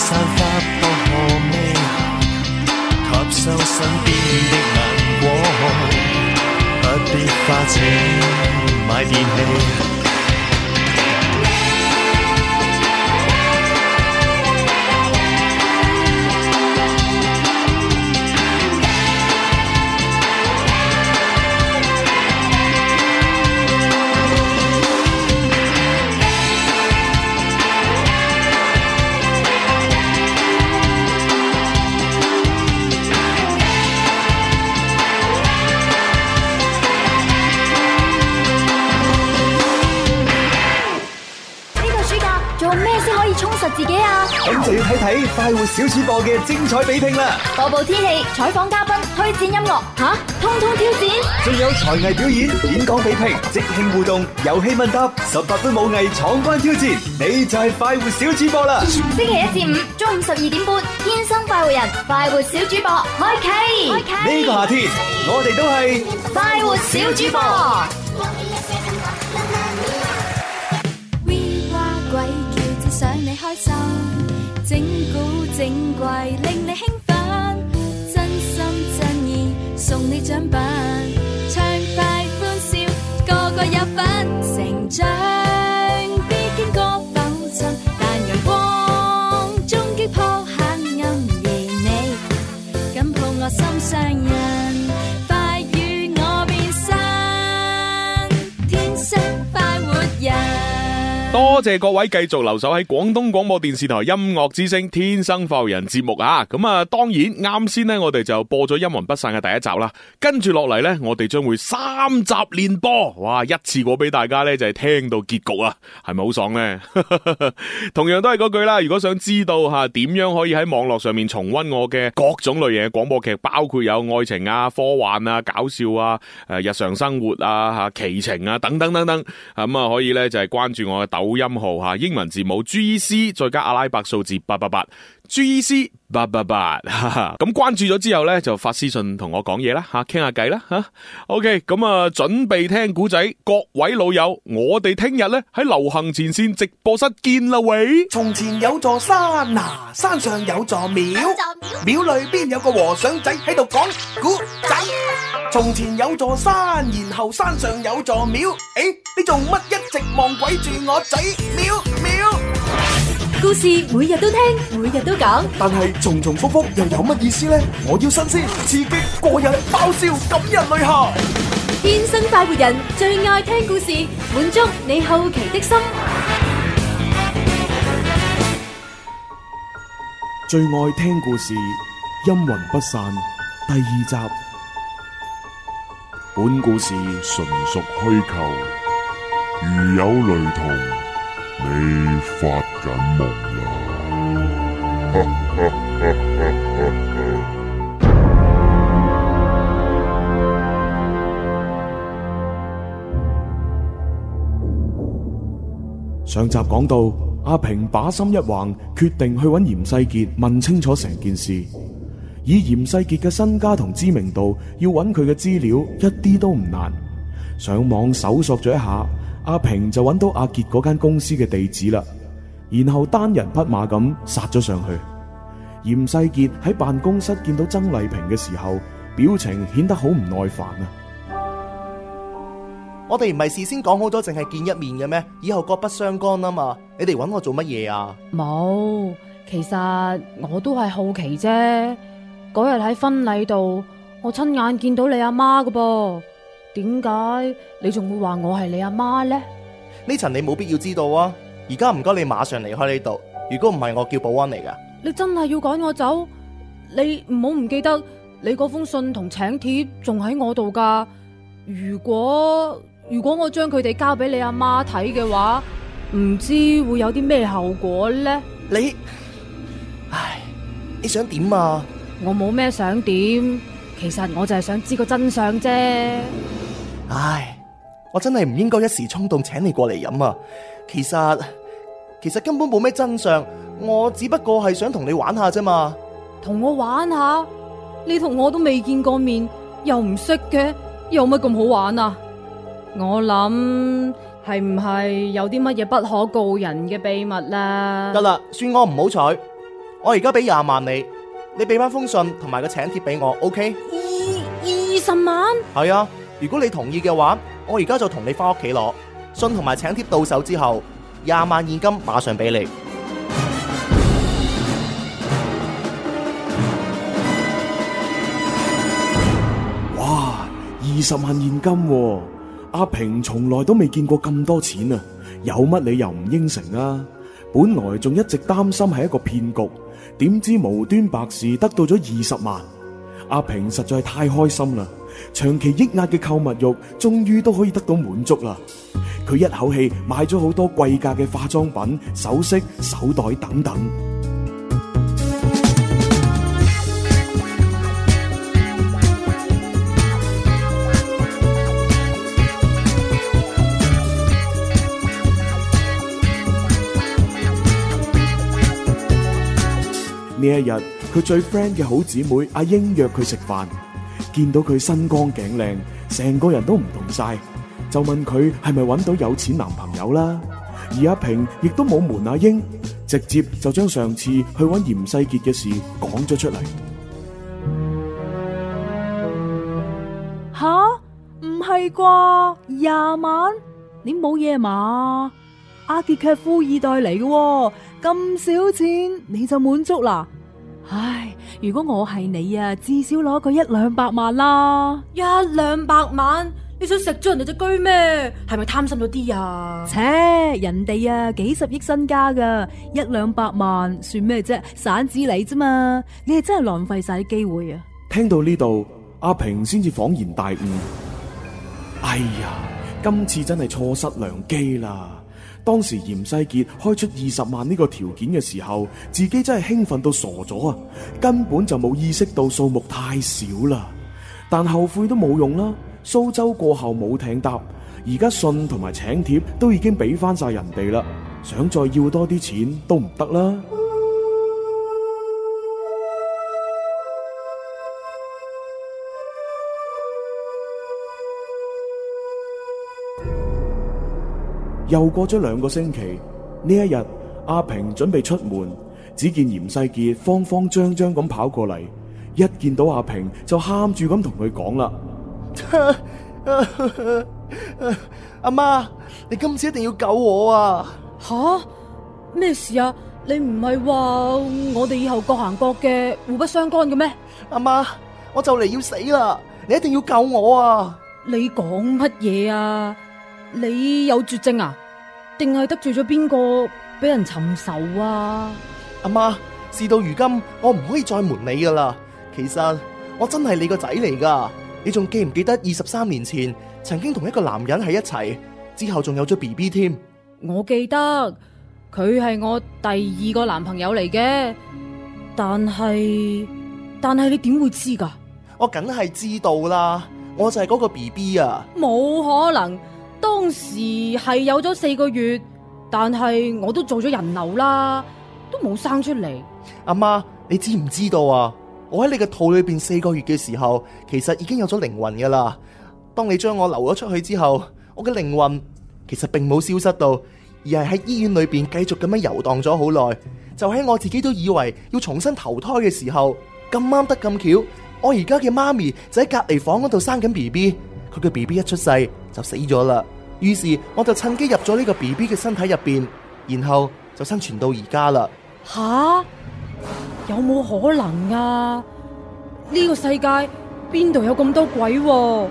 散發薄荷味，吸收身邊的眼光，不必花錢買電器。喺快活小主播嘅精彩比拼啦！播報天氣、採訪嘉賓、推薦音樂，吓，通通挑戰。仲有才藝表演、演講比拼、即興互動、遊戲問答、十八般武藝、闖關挑戰，你就係快活小主播啦！星期一至五中午十二點半，天生快活人，快活小主播開啟。呢奇個夏天，我哋都係快活小主播。主播 We great，只想你開心。整古整怪令你興奮，真心真意送你獎品，暢快歡笑個個有份。成長必經過浮沉，但陽光終擊破黑暗而，而你緊抱我心上人。多謝各位繼續留守喺廣東廣播電視台音樂之聲《天生浮人》節目啊！咁啊，當然啱先呢，我哋就播咗《陰魂不散》嘅第一集啦。跟住落嚟呢，我哋將會三集連播，哇！一次過俾大家呢，就係聽到結局啊，係咪好爽呢？ 同樣都係嗰句啦，如果想知道吓點樣可以喺網絡上面重溫我嘅各種類型嘅廣播劇，包括有愛情啊、科幻啊、搞笑啊、誒日常生活啊、吓奇情啊等等等等，咁、嗯、啊可以呢，就係關注我嘅抖音號吓英文字母 GEC 再加阿拉伯數字八八八。朱醫師，八八八，咁關注咗之後呢，就發私信同我講嘢啦，吓傾下計啦，吓，OK，咁、嗯、啊，準備聽古仔，各位老友，我哋聽日呢，喺流行前綫直播室見啦喂。從前有座山嗱、啊，山上有座廟，廟十裏邊有個和尚仔喺度講古仔。從前有座山，然後山上有座廟，誒，你做乜一直望鬼住我仔廟廟？故事每日都聽，每日都講，但係重重複複又有乜意思呢？我要新鮮、刺激、過癮、爆笑、感人淚下。天生快活人最愛聽故事，滿足你好奇的心。最愛聽故事，陰魂不散。第二集，本故事純屬虛構，如有雷同。你發緊夢啦！ 上集講到阿平把心一橫，決定去揾嚴世杰問清楚成件事。以嚴世杰嘅身家同知名度，要揾佢嘅資料一啲都唔難。上網搜索咗一下。阿平就揾到阿傑嗰間公司嘅地址啦，然後單人匹馬咁殺咗上去。嚴世傑喺辦公室見到曾麗萍嘅時候，表情顯得好唔耐煩啊！我哋唔係事先講好咗淨係見一面嘅咩？以後各不相干啊嘛！你哋揾我做乜嘢啊？冇，其實我都係好奇啫。嗰日喺婚禮度，我親眼見到你阿媽㗎噃。點解你仲會話我係你阿媽咧呢層你冇必要知道啊！而家唔該你馬上離開呢度。如果唔係我叫保安嚟噶你真係要趕我走？你唔好唔記得，你嗰封信同請帖仲喺我度噶如果，如果我將佢哋交俾你阿媽睇嘅話，唔知會有啲咩後果咧？你，唉，你想點啊？我冇咩想點。其實我就係想知個真相啫。唉，我真係唔應該一時衝動請你過嚟飲啊。其實其實根本冇咩真相，我只不過係想同你玩下啫嘛。同我玩下？你同我都未見過面，又唔識嘅，有乜咁好玩啊？我諗係唔係有啲乜嘢不可告人嘅秘密啦？得啦，算我唔好彩，我而家俾廿萬你。你俾翻封信同埋個請帖俾我，OK？二二十萬？係啊，如果你同意嘅話，我而家就同你翻屋企攞信同埋請帖到手之後，廿萬現金馬上俾你。哇，二十萬現金，啊，阿平從來都未見過咁多錢啊！有乜理由唔應承啊？本來仲一直擔心係一個騙局。點知無端白事得到咗二十萬？阿平實在太開心啦！長期抑壓嘅購物欲，終於都可以得到滿足啦！佢一口氣買咗好多貴價嘅化妝品、首飾、手袋等等。呢一日佢最 friend 嘅好姊妹阿英約佢食飯，見到佢身光頸靚，成個人都唔同晒，就問佢係咪揾到有錢男朋友啦。而阿平亦都冇瞞阿英，直接就將上次去揾嚴世杰嘅事講咗出嚟。吓，唔係啩？廿萬，你冇嘢嘛？阿杰卻富二代嚟嘅，咁少錢你就滿足啦？唉，如果我係你啊，至少攞個一兩百萬啦！一兩百萬，你想食咗人哋隻居咩？係咪貪心咗啲啊？切，人哋啊幾十億身家噶，一兩百萬算咩啫？散子你啫嘛，你係真係浪費晒啲機會啊！聽到呢度，阿平先至恍然大悟。哎呀，今次真係錯失良機啦！當時嚴世傑開出二十萬呢個條件嘅時候，自己真係興奮到傻咗啊！根本就冇意識到數目太少啦。但後悔都冇用啦。蘇州過後冇艇搭，而家信同埋請帖都已經俾翻晒人哋啦，想再要多啲錢都唔得啦。又過咗兩個星期，呢一日阿平準備出門，只見嚴世杰慌慌張張咁跑過嚟，一見到阿平就喊住咁同佢講啦：阿媽 你今次一定要救我啊！吓？咩事啊？你唔係話我哋以後各行各嘅，互不相干嘅咩？阿媽，我就嚟要死啦，你一定要救我啊！你講乜嘢啊？你有絕症啊？定係得罪咗邊個俾人尋仇啊？阿媽，事到如今，我唔可以再瞞你噶啦。其實我真係你個仔嚟噶。你仲記唔記得二十三年前曾經同一個男人喺一齊，之後仲有咗 BB 添？我記得佢係我第二個男朋友嚟嘅，但係但係你點會知噶？我梗係知道啦，我就係嗰個 BB 啊！冇可能。當時係有咗四個月，但係我都做咗人流啦，都冇生出嚟。阿媽，你知唔知道啊？我喺你嘅肚裏邊四個月嘅時候，其實已經有咗靈魂噶啦。當你將我流咗出去之後，我嘅靈魂其實並冇消失到，而係喺醫院裏邊繼續咁樣遊蕩咗好耐。就喺我自己都以為要重新投胎嘅時候，咁啱得咁巧，我而家嘅媽咪就喺隔籬房嗰度生緊 B B。佢嘅 B B 一出世就死咗啦，於是我就趁機入咗呢個 B B 嘅身體入邊，然後就生存到而家啦。吓，有冇可能啊？呢個世界邊度有咁多鬼啊？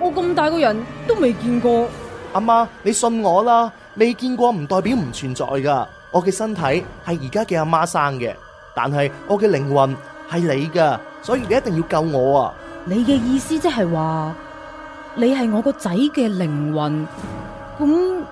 我咁大個人都未見過。阿媽，你信我啦，未見過唔代表唔存在噶。我嘅身體係而家嘅阿媽生嘅，但係我嘅靈魂係你噶，所以你一定要救我啊！你嘅意思即係話？你係我個仔嘅靈魂，咁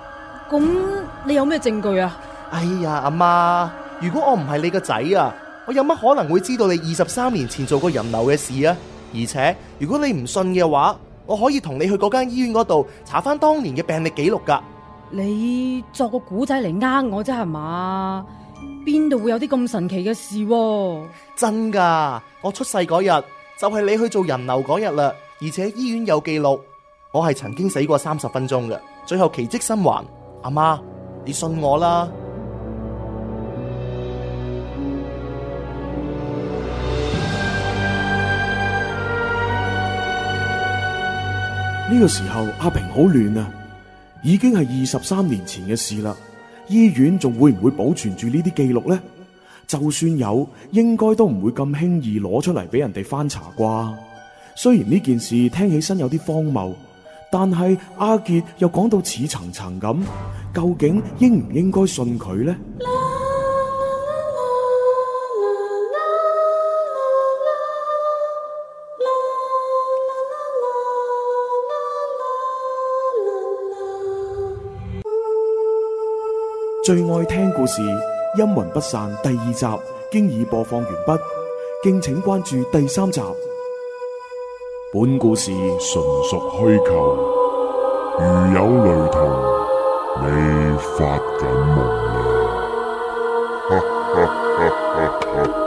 咁你有咩證據啊？哎呀，阿媽，如果我唔係你個仔啊，我有乜可能會知道你二十三年前做過人流嘅事啊？而且如果你唔信嘅話，我可以同你去嗰間醫院嗰度查翻當年嘅病歷記錄噶。你作個古仔嚟呃我啫係嘛？邊度會有啲咁神奇嘅事？真噶，我出世嗰日就係你去做人流嗰日啦，而且醫院有記錄。我係曾經死過三十分鐘嘅，最後奇蹟生還。阿媽，你信我啦！呢個時候阿平好亂啊，已經係二十三年前嘅事啦。醫院仲會唔會保存住呢啲記錄呢？就算有，應該都唔會咁輕易攞出嚟俾人哋翻查啩。雖然呢件事聽起身有啲荒謬。但係阿杰又講到似層層咁，究竟應唔應該信佢呢？《 最愛聽故事，陰魂不散第二集，經已播放完畢，敬請關注第三集。本故事純屬虛構，如有雷同，你發緊夢啦！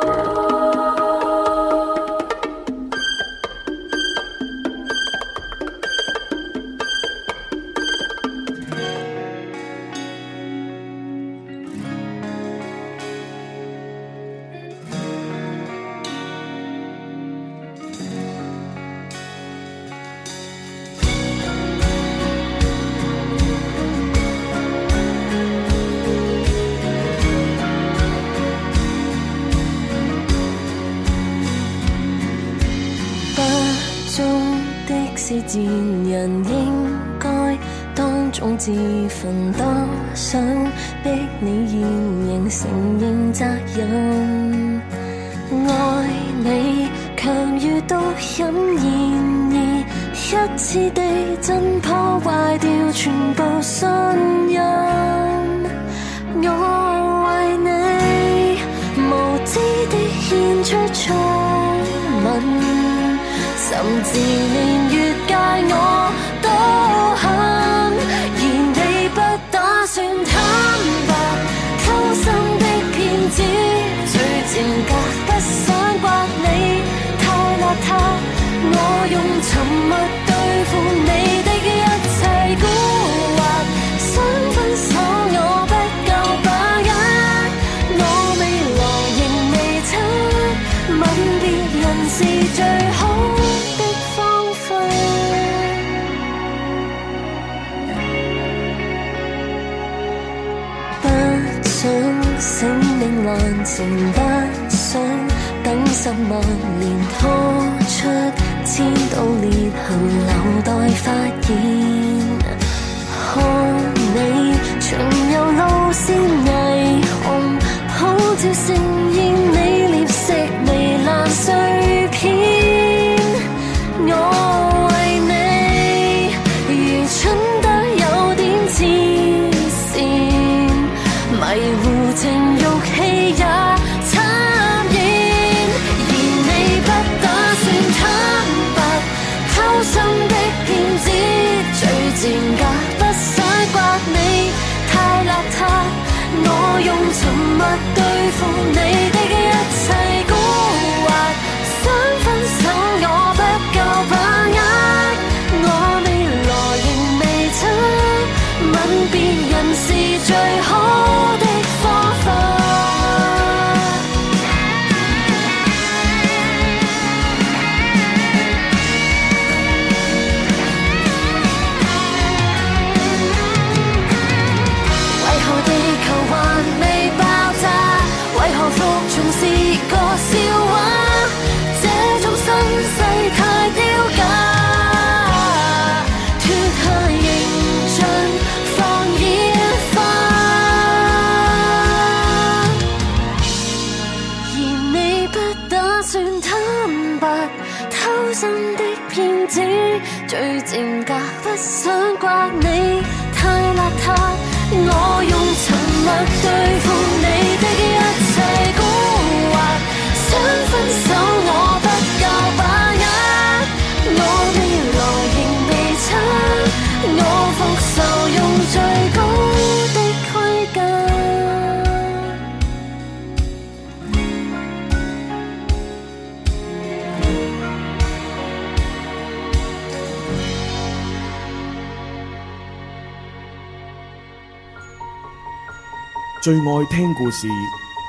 最愛聽故事，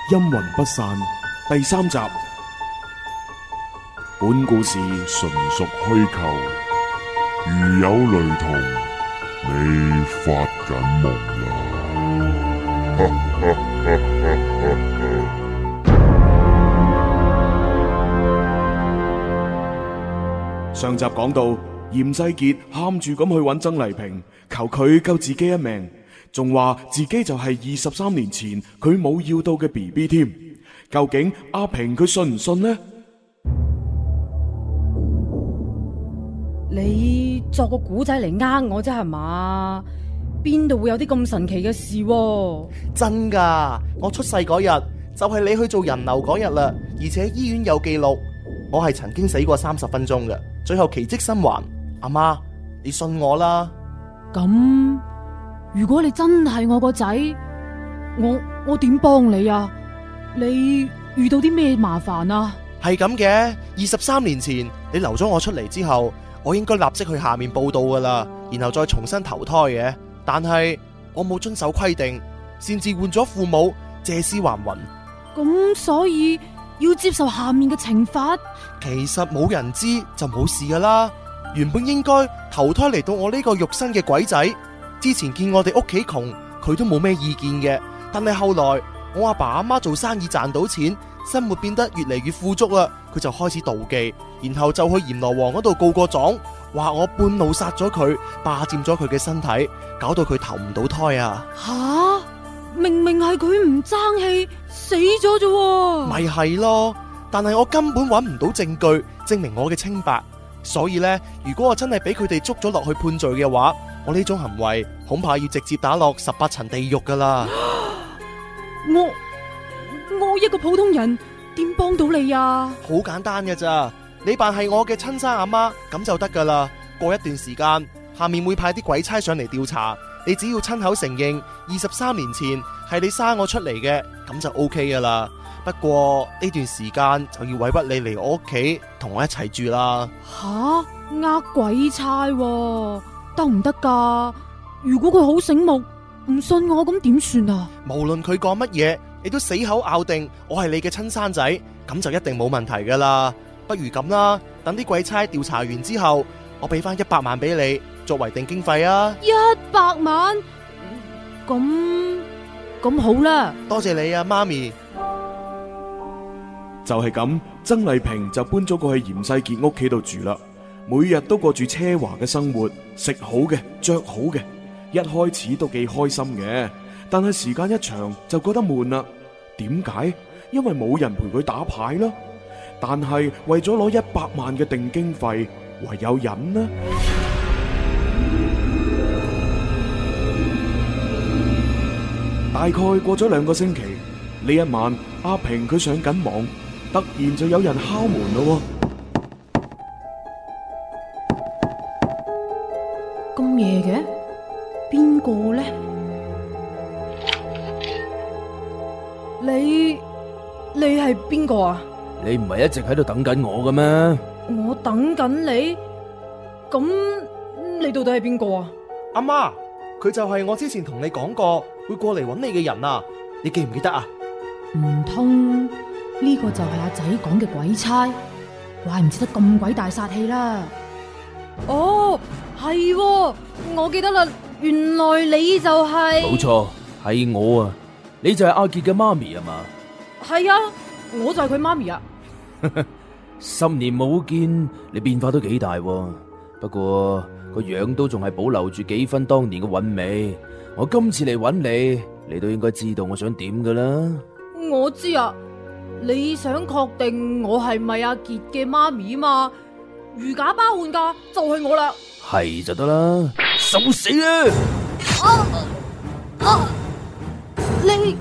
陰魂不散第三集。本故事純屬虛構，如有雷同，你發緊夢啦！ 上集講到嚴世杰喊住咁去揾曾麗萍，求佢救自己一命。仲話自己就係二十三年前佢冇要到嘅 BB 添，究竟阿平佢信唔信呢？你作個古仔嚟呃我啫係嘛？邊度會有啲咁神奇嘅事？真噶，我出世嗰日就係、是、你去做人流嗰日啦，而且醫院有記錄，我係曾經死過三十分鐘嘅，最後奇跡生還。阿媽，你信我啦。咁。如果你真係我個仔，我我點幫你啊？你遇到啲咩麻煩啊？係咁嘅，二十三年前你留咗我出嚟之後，我應該立即去下面報到噶啦，然後再重新投胎嘅。但係我冇遵守規定，先至換咗父母，借屍還魂。咁所以要接受下面嘅懲罰？其實冇人知就冇事噶啦。原本應該投胎嚟到我呢個肉身嘅鬼仔。之前見我哋屋企窮，佢都冇咩意見嘅。但係後來我阿爸阿媽做生意賺到錢，生活變得越嚟越富足啦。佢就開始妒忌，然後就去閻羅王嗰度告個狀，話我半路殺咗佢，霸佔咗佢嘅身體，搞到佢投唔到胎啊！吓、啊，明明係佢唔爭氣死咗啫，咪係咯？但係我根本揾唔到證據證明我嘅清白，所以呢，如果我真係俾佢哋捉咗落去判罪嘅話，我呢種行為恐怕要直接打落十八層地獄噶啦！我我一個普通人點幫到你呀、啊？好簡單噶咋，你扮係我嘅親生阿媽咁就得噶啦。過一段時間，下面會派啲鬼差上嚟調查，你只要親口承認二十三年前係你生我出嚟嘅，咁就 O K 噶啦。不過呢段時間就要委屈你嚟我屋企同我一齊住啦。吓！呃鬼差、啊？得唔得噶？如果佢好醒目，唔信我咁點算啊？無論佢講乜嘢，你都死口咬定我係你嘅親生仔，咁就一定冇問題噶啦。不如咁啦，等啲鬼差調查完之後，我俾翻一百萬俾你作為定經費啊！一百萬，咁、嗯、咁好啦。多謝你啊，媽咪。就係咁，曾麗萍就搬咗過去嚴世杰屋企度住啦。每日都過住奢華嘅生活，食好嘅，着好嘅，一開始都幾開心嘅。但係時間一長就覺得悶啦。點解？因為冇人陪佢打牌啦。但係為咗攞一百萬嘅定經費，唯有忍呢。大概過咗兩個星期，呢一晚，阿平佢上緊網，突然就有人敲門咯。嘢嘅，邊個咧？你你係邊個啊？你唔係一直喺度等緊我嘅咩？我等緊你，咁你到底係邊個啊？阿媽，佢就係我之前同你講過會過嚟揾你嘅人啊！你記唔記得啊？唔通呢個就係阿仔講嘅鬼差？怪唔知得咁鬼大殺氣啦！哦。係喎，我記得啦。原來你就係、是、冇錯，係我啊。你就係阿杰嘅媽咪啊嘛？係啊，我就係佢媽咪啊。 十年冇見，你變化都幾大喎。不過個樣都仲係保留住幾分當年嘅韻味。我今次嚟揾你，你都應該知道我想點噶啦。我知啊，你想確定我係咪阿杰嘅媽咪啊嘛？如假包換噶，就係我啦。係就得啦，受死啦、啊啊！你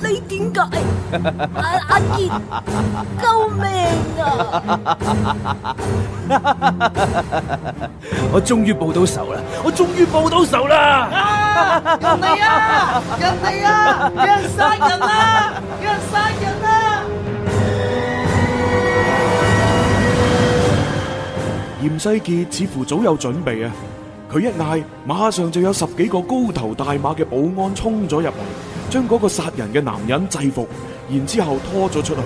你點解、啊？阿阿杰，救命啊 我！我終於報到仇啦！我終於報到仇啦！人嚟啊！人嚟啊！有人，啊人，啊、人殺人啦、啊！有人殺人、啊！嚴世傑似乎早有準備啊！佢一嗌，馬上就有十幾個高頭大馬嘅保安衝咗入嚟，將嗰個殺人嘅男人制服，然之後拖咗出去。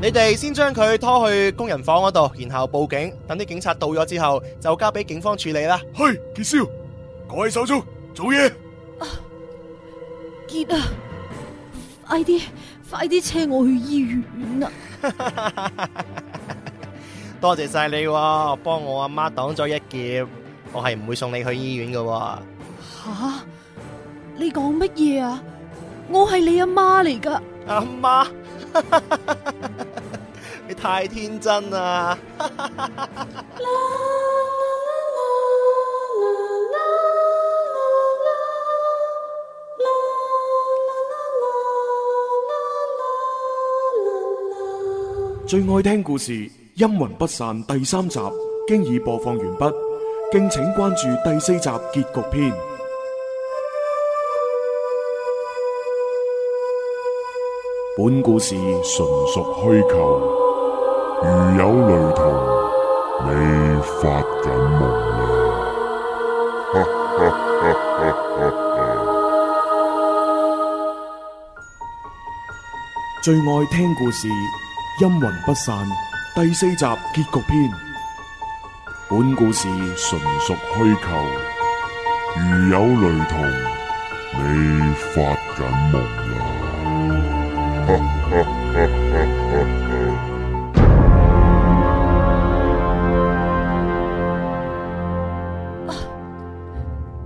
你哋先將佢拖去工人房嗰度，然後報警。等啲警察到咗之後，就交俾警方處理啦。係，傑少，改手中做嘢。啊，傑啊！快啲，快啲車我去醫院啊！ 多謝晒你，幫我阿媽擋咗一劫，我係唔會送你去醫院噶。吓，你講乜嘢啊？我係你阿媽嚟噶。阿媽，你太天真啦！最愛聽故事。陰魂不散第三集經已播放完畢，敬請關注第四集結局篇。本故事純屬虛構，如有雷同，你發緊夢喇！ 最愛聽故事《陰魂不散》。第四集結局篇，本故事純屬虛構，如有雷同，你發緊夢啦！ 啊，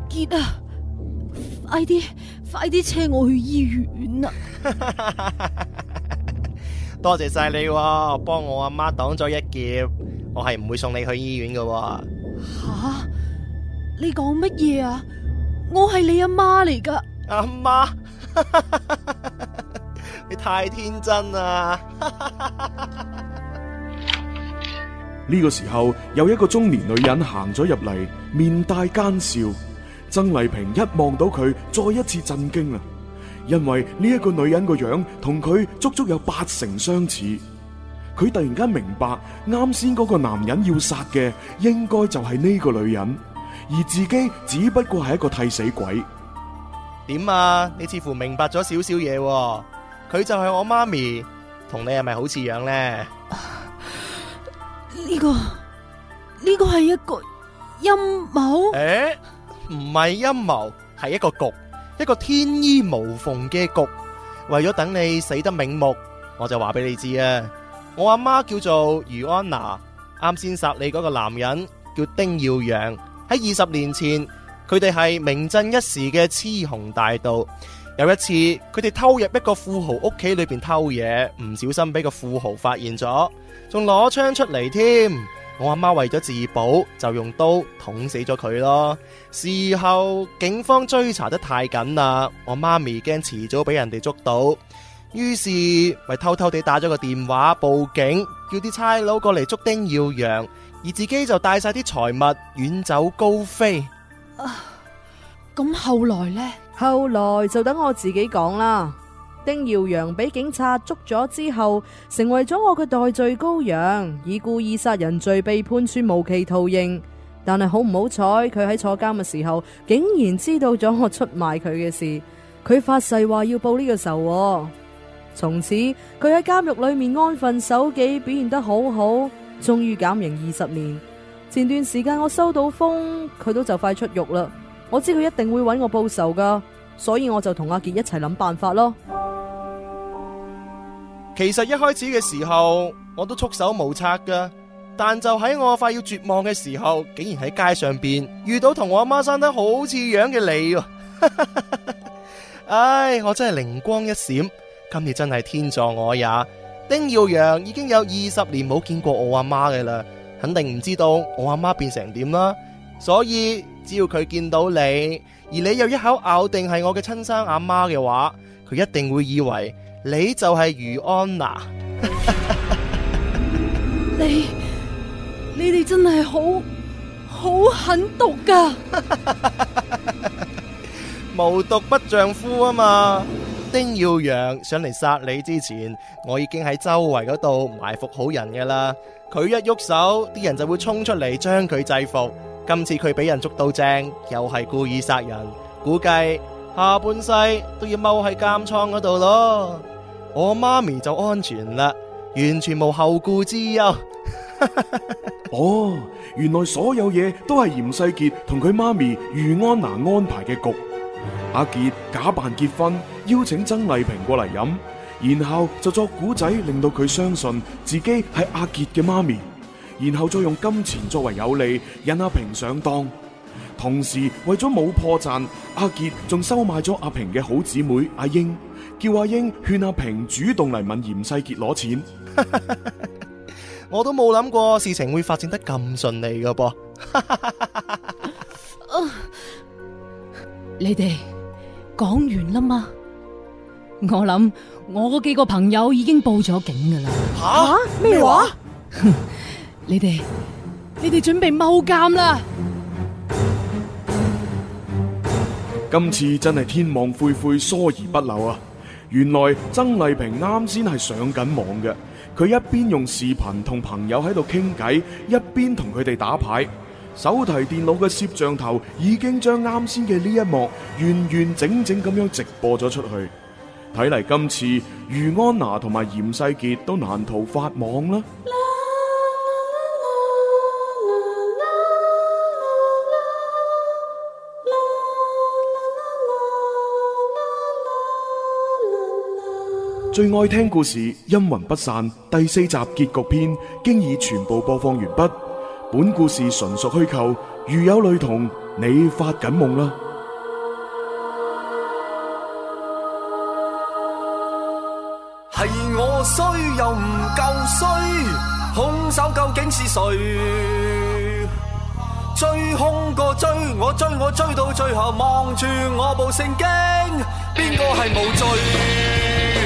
傑啊，快啲，快啲車我去醫院啊！ 多謝晒你喎，幫我阿媽擋咗一劫，我係唔會送你去醫院噶喎。吓，你講乜嘢啊？我係你阿媽嚟噶。阿媽，你太天真啦！呢個時候，有一個中年女人行咗入嚟，面帶奸笑。曾麗萍一望到佢，再一次震驚啦。因為呢一個女人個樣同佢足足有八成相似，佢突然間明白啱先嗰個男人要殺嘅應該就係呢個女人，而自己只不過係一個替死鬼。點啊？你似乎明白咗少少嘢。佢就係我媽咪，同你係咪好似樣咧？呢、啊這個呢、這個係一個陰謀？誒、欸，唔係陰謀，係一個局。一個天衣無縫嘅局，為咗等你死得瞑目，我就話俾你知啊！我阿媽叫做余安娜，啱先殺你嗰個男人叫丁耀揚，喺二十年前佢哋係名震一時嘅雌雄大盜。有一次佢哋偷入一個富豪屋企裏邊偷嘢，唔小心俾個富豪發現咗，仲攞槍出嚟添。我阿媽為咗自保，就用刀捅死咗佢咯。事後警方追查得太緊啦，我媽咪驚遲早俾人哋捉到，於是咪偷偷地打咗個電話報警，叫啲差佬過嚟捉丁耀揚，而自己就帶晒啲財物遠走高飛。啊，咁後來呢？後來就等我自己講啦。丁耀揚俾警察捉咗之後，成為咗我嘅代罪羔羊，以故意殺人罪被判處無期徒刑。但係好唔好彩，佢喺坐監嘅時候，竟然知道咗我出賣佢嘅事。佢發誓話要報呢個仇。從此佢喺監獄裏面安分守己，表現得好好，終於減刑二十年。前段時間我收到風，佢都就快出獄啦。我知佢一定會揾我報仇噶。所以我就同阿杰一齊諗辦法咯。其實一開始嘅時候，我都束手無策噶。但就喺我快要絕望嘅時候，竟然喺街上邊遇到同我阿媽生得好似樣嘅你。 唉，我真係靈光一閃，今日真係天助我也！丁耀揚已經有二十年冇見過我阿媽嘅啦，肯定唔知道我阿媽變成點啦。所以只要佢見到你。而你又一口咬定係我嘅親生阿媽嘅話，佢一定會以為你就係余安娜。你你哋真係好好狠毒噶！ 無毒不丈夫啊嘛！丁耀揚上嚟殺你之前，我已經喺周圍嗰度埋伏好人㗎啦。佢一喐手，啲人就會衝出嚟將佢制服。今次佢俾人捉到正，又係故意殺人，估計下半世都要踎喺監倉嗰度咯。我媽咪就安全啦，完全冇後顧之憂。 哦，原來所有嘢都係嚴世杰同佢媽咪余安娜安排嘅局。阿杰假扮結婚，邀請曾麗萍過嚟飲，然後就作古仔，令到佢相信自己係阿杰嘅媽咪。然後再用金錢作為有利引阿平上當，同時為咗冇破綻，阿杰仲收買咗阿平嘅好姊妹阿英，叫阿英勸阿平主動嚟問嚴世杰攞錢。 我都冇諗過事情會發展得咁順利噶噃、 啊。你哋講完啦嘛？我諗我嗰幾個朋友已經報咗警噶啦。吓？咩、啊啊、話？ 你哋，你哋準備踎監啦！今次真係天網恢恢，疏而不漏啊！原來曾麗萍啱先係上緊網嘅，佢一邊用視頻同朋友喺度傾偈，一邊同佢哋打牌。手提電腦嘅攝像頭已經將啱先嘅呢一幕完完整整咁樣直播咗出去。睇嚟今次余安娜同埋嚴世杰都難逃法網啦！最愛聽故事，陰魂不散第四集結局篇，經已全部播放完畢。本故事純屬虛構，如有類同，你發緊夢啦。係我衰又唔夠衰，兇手究竟是誰？追兇個追，我追我追到最後，望住我部聖經，邊個係無罪？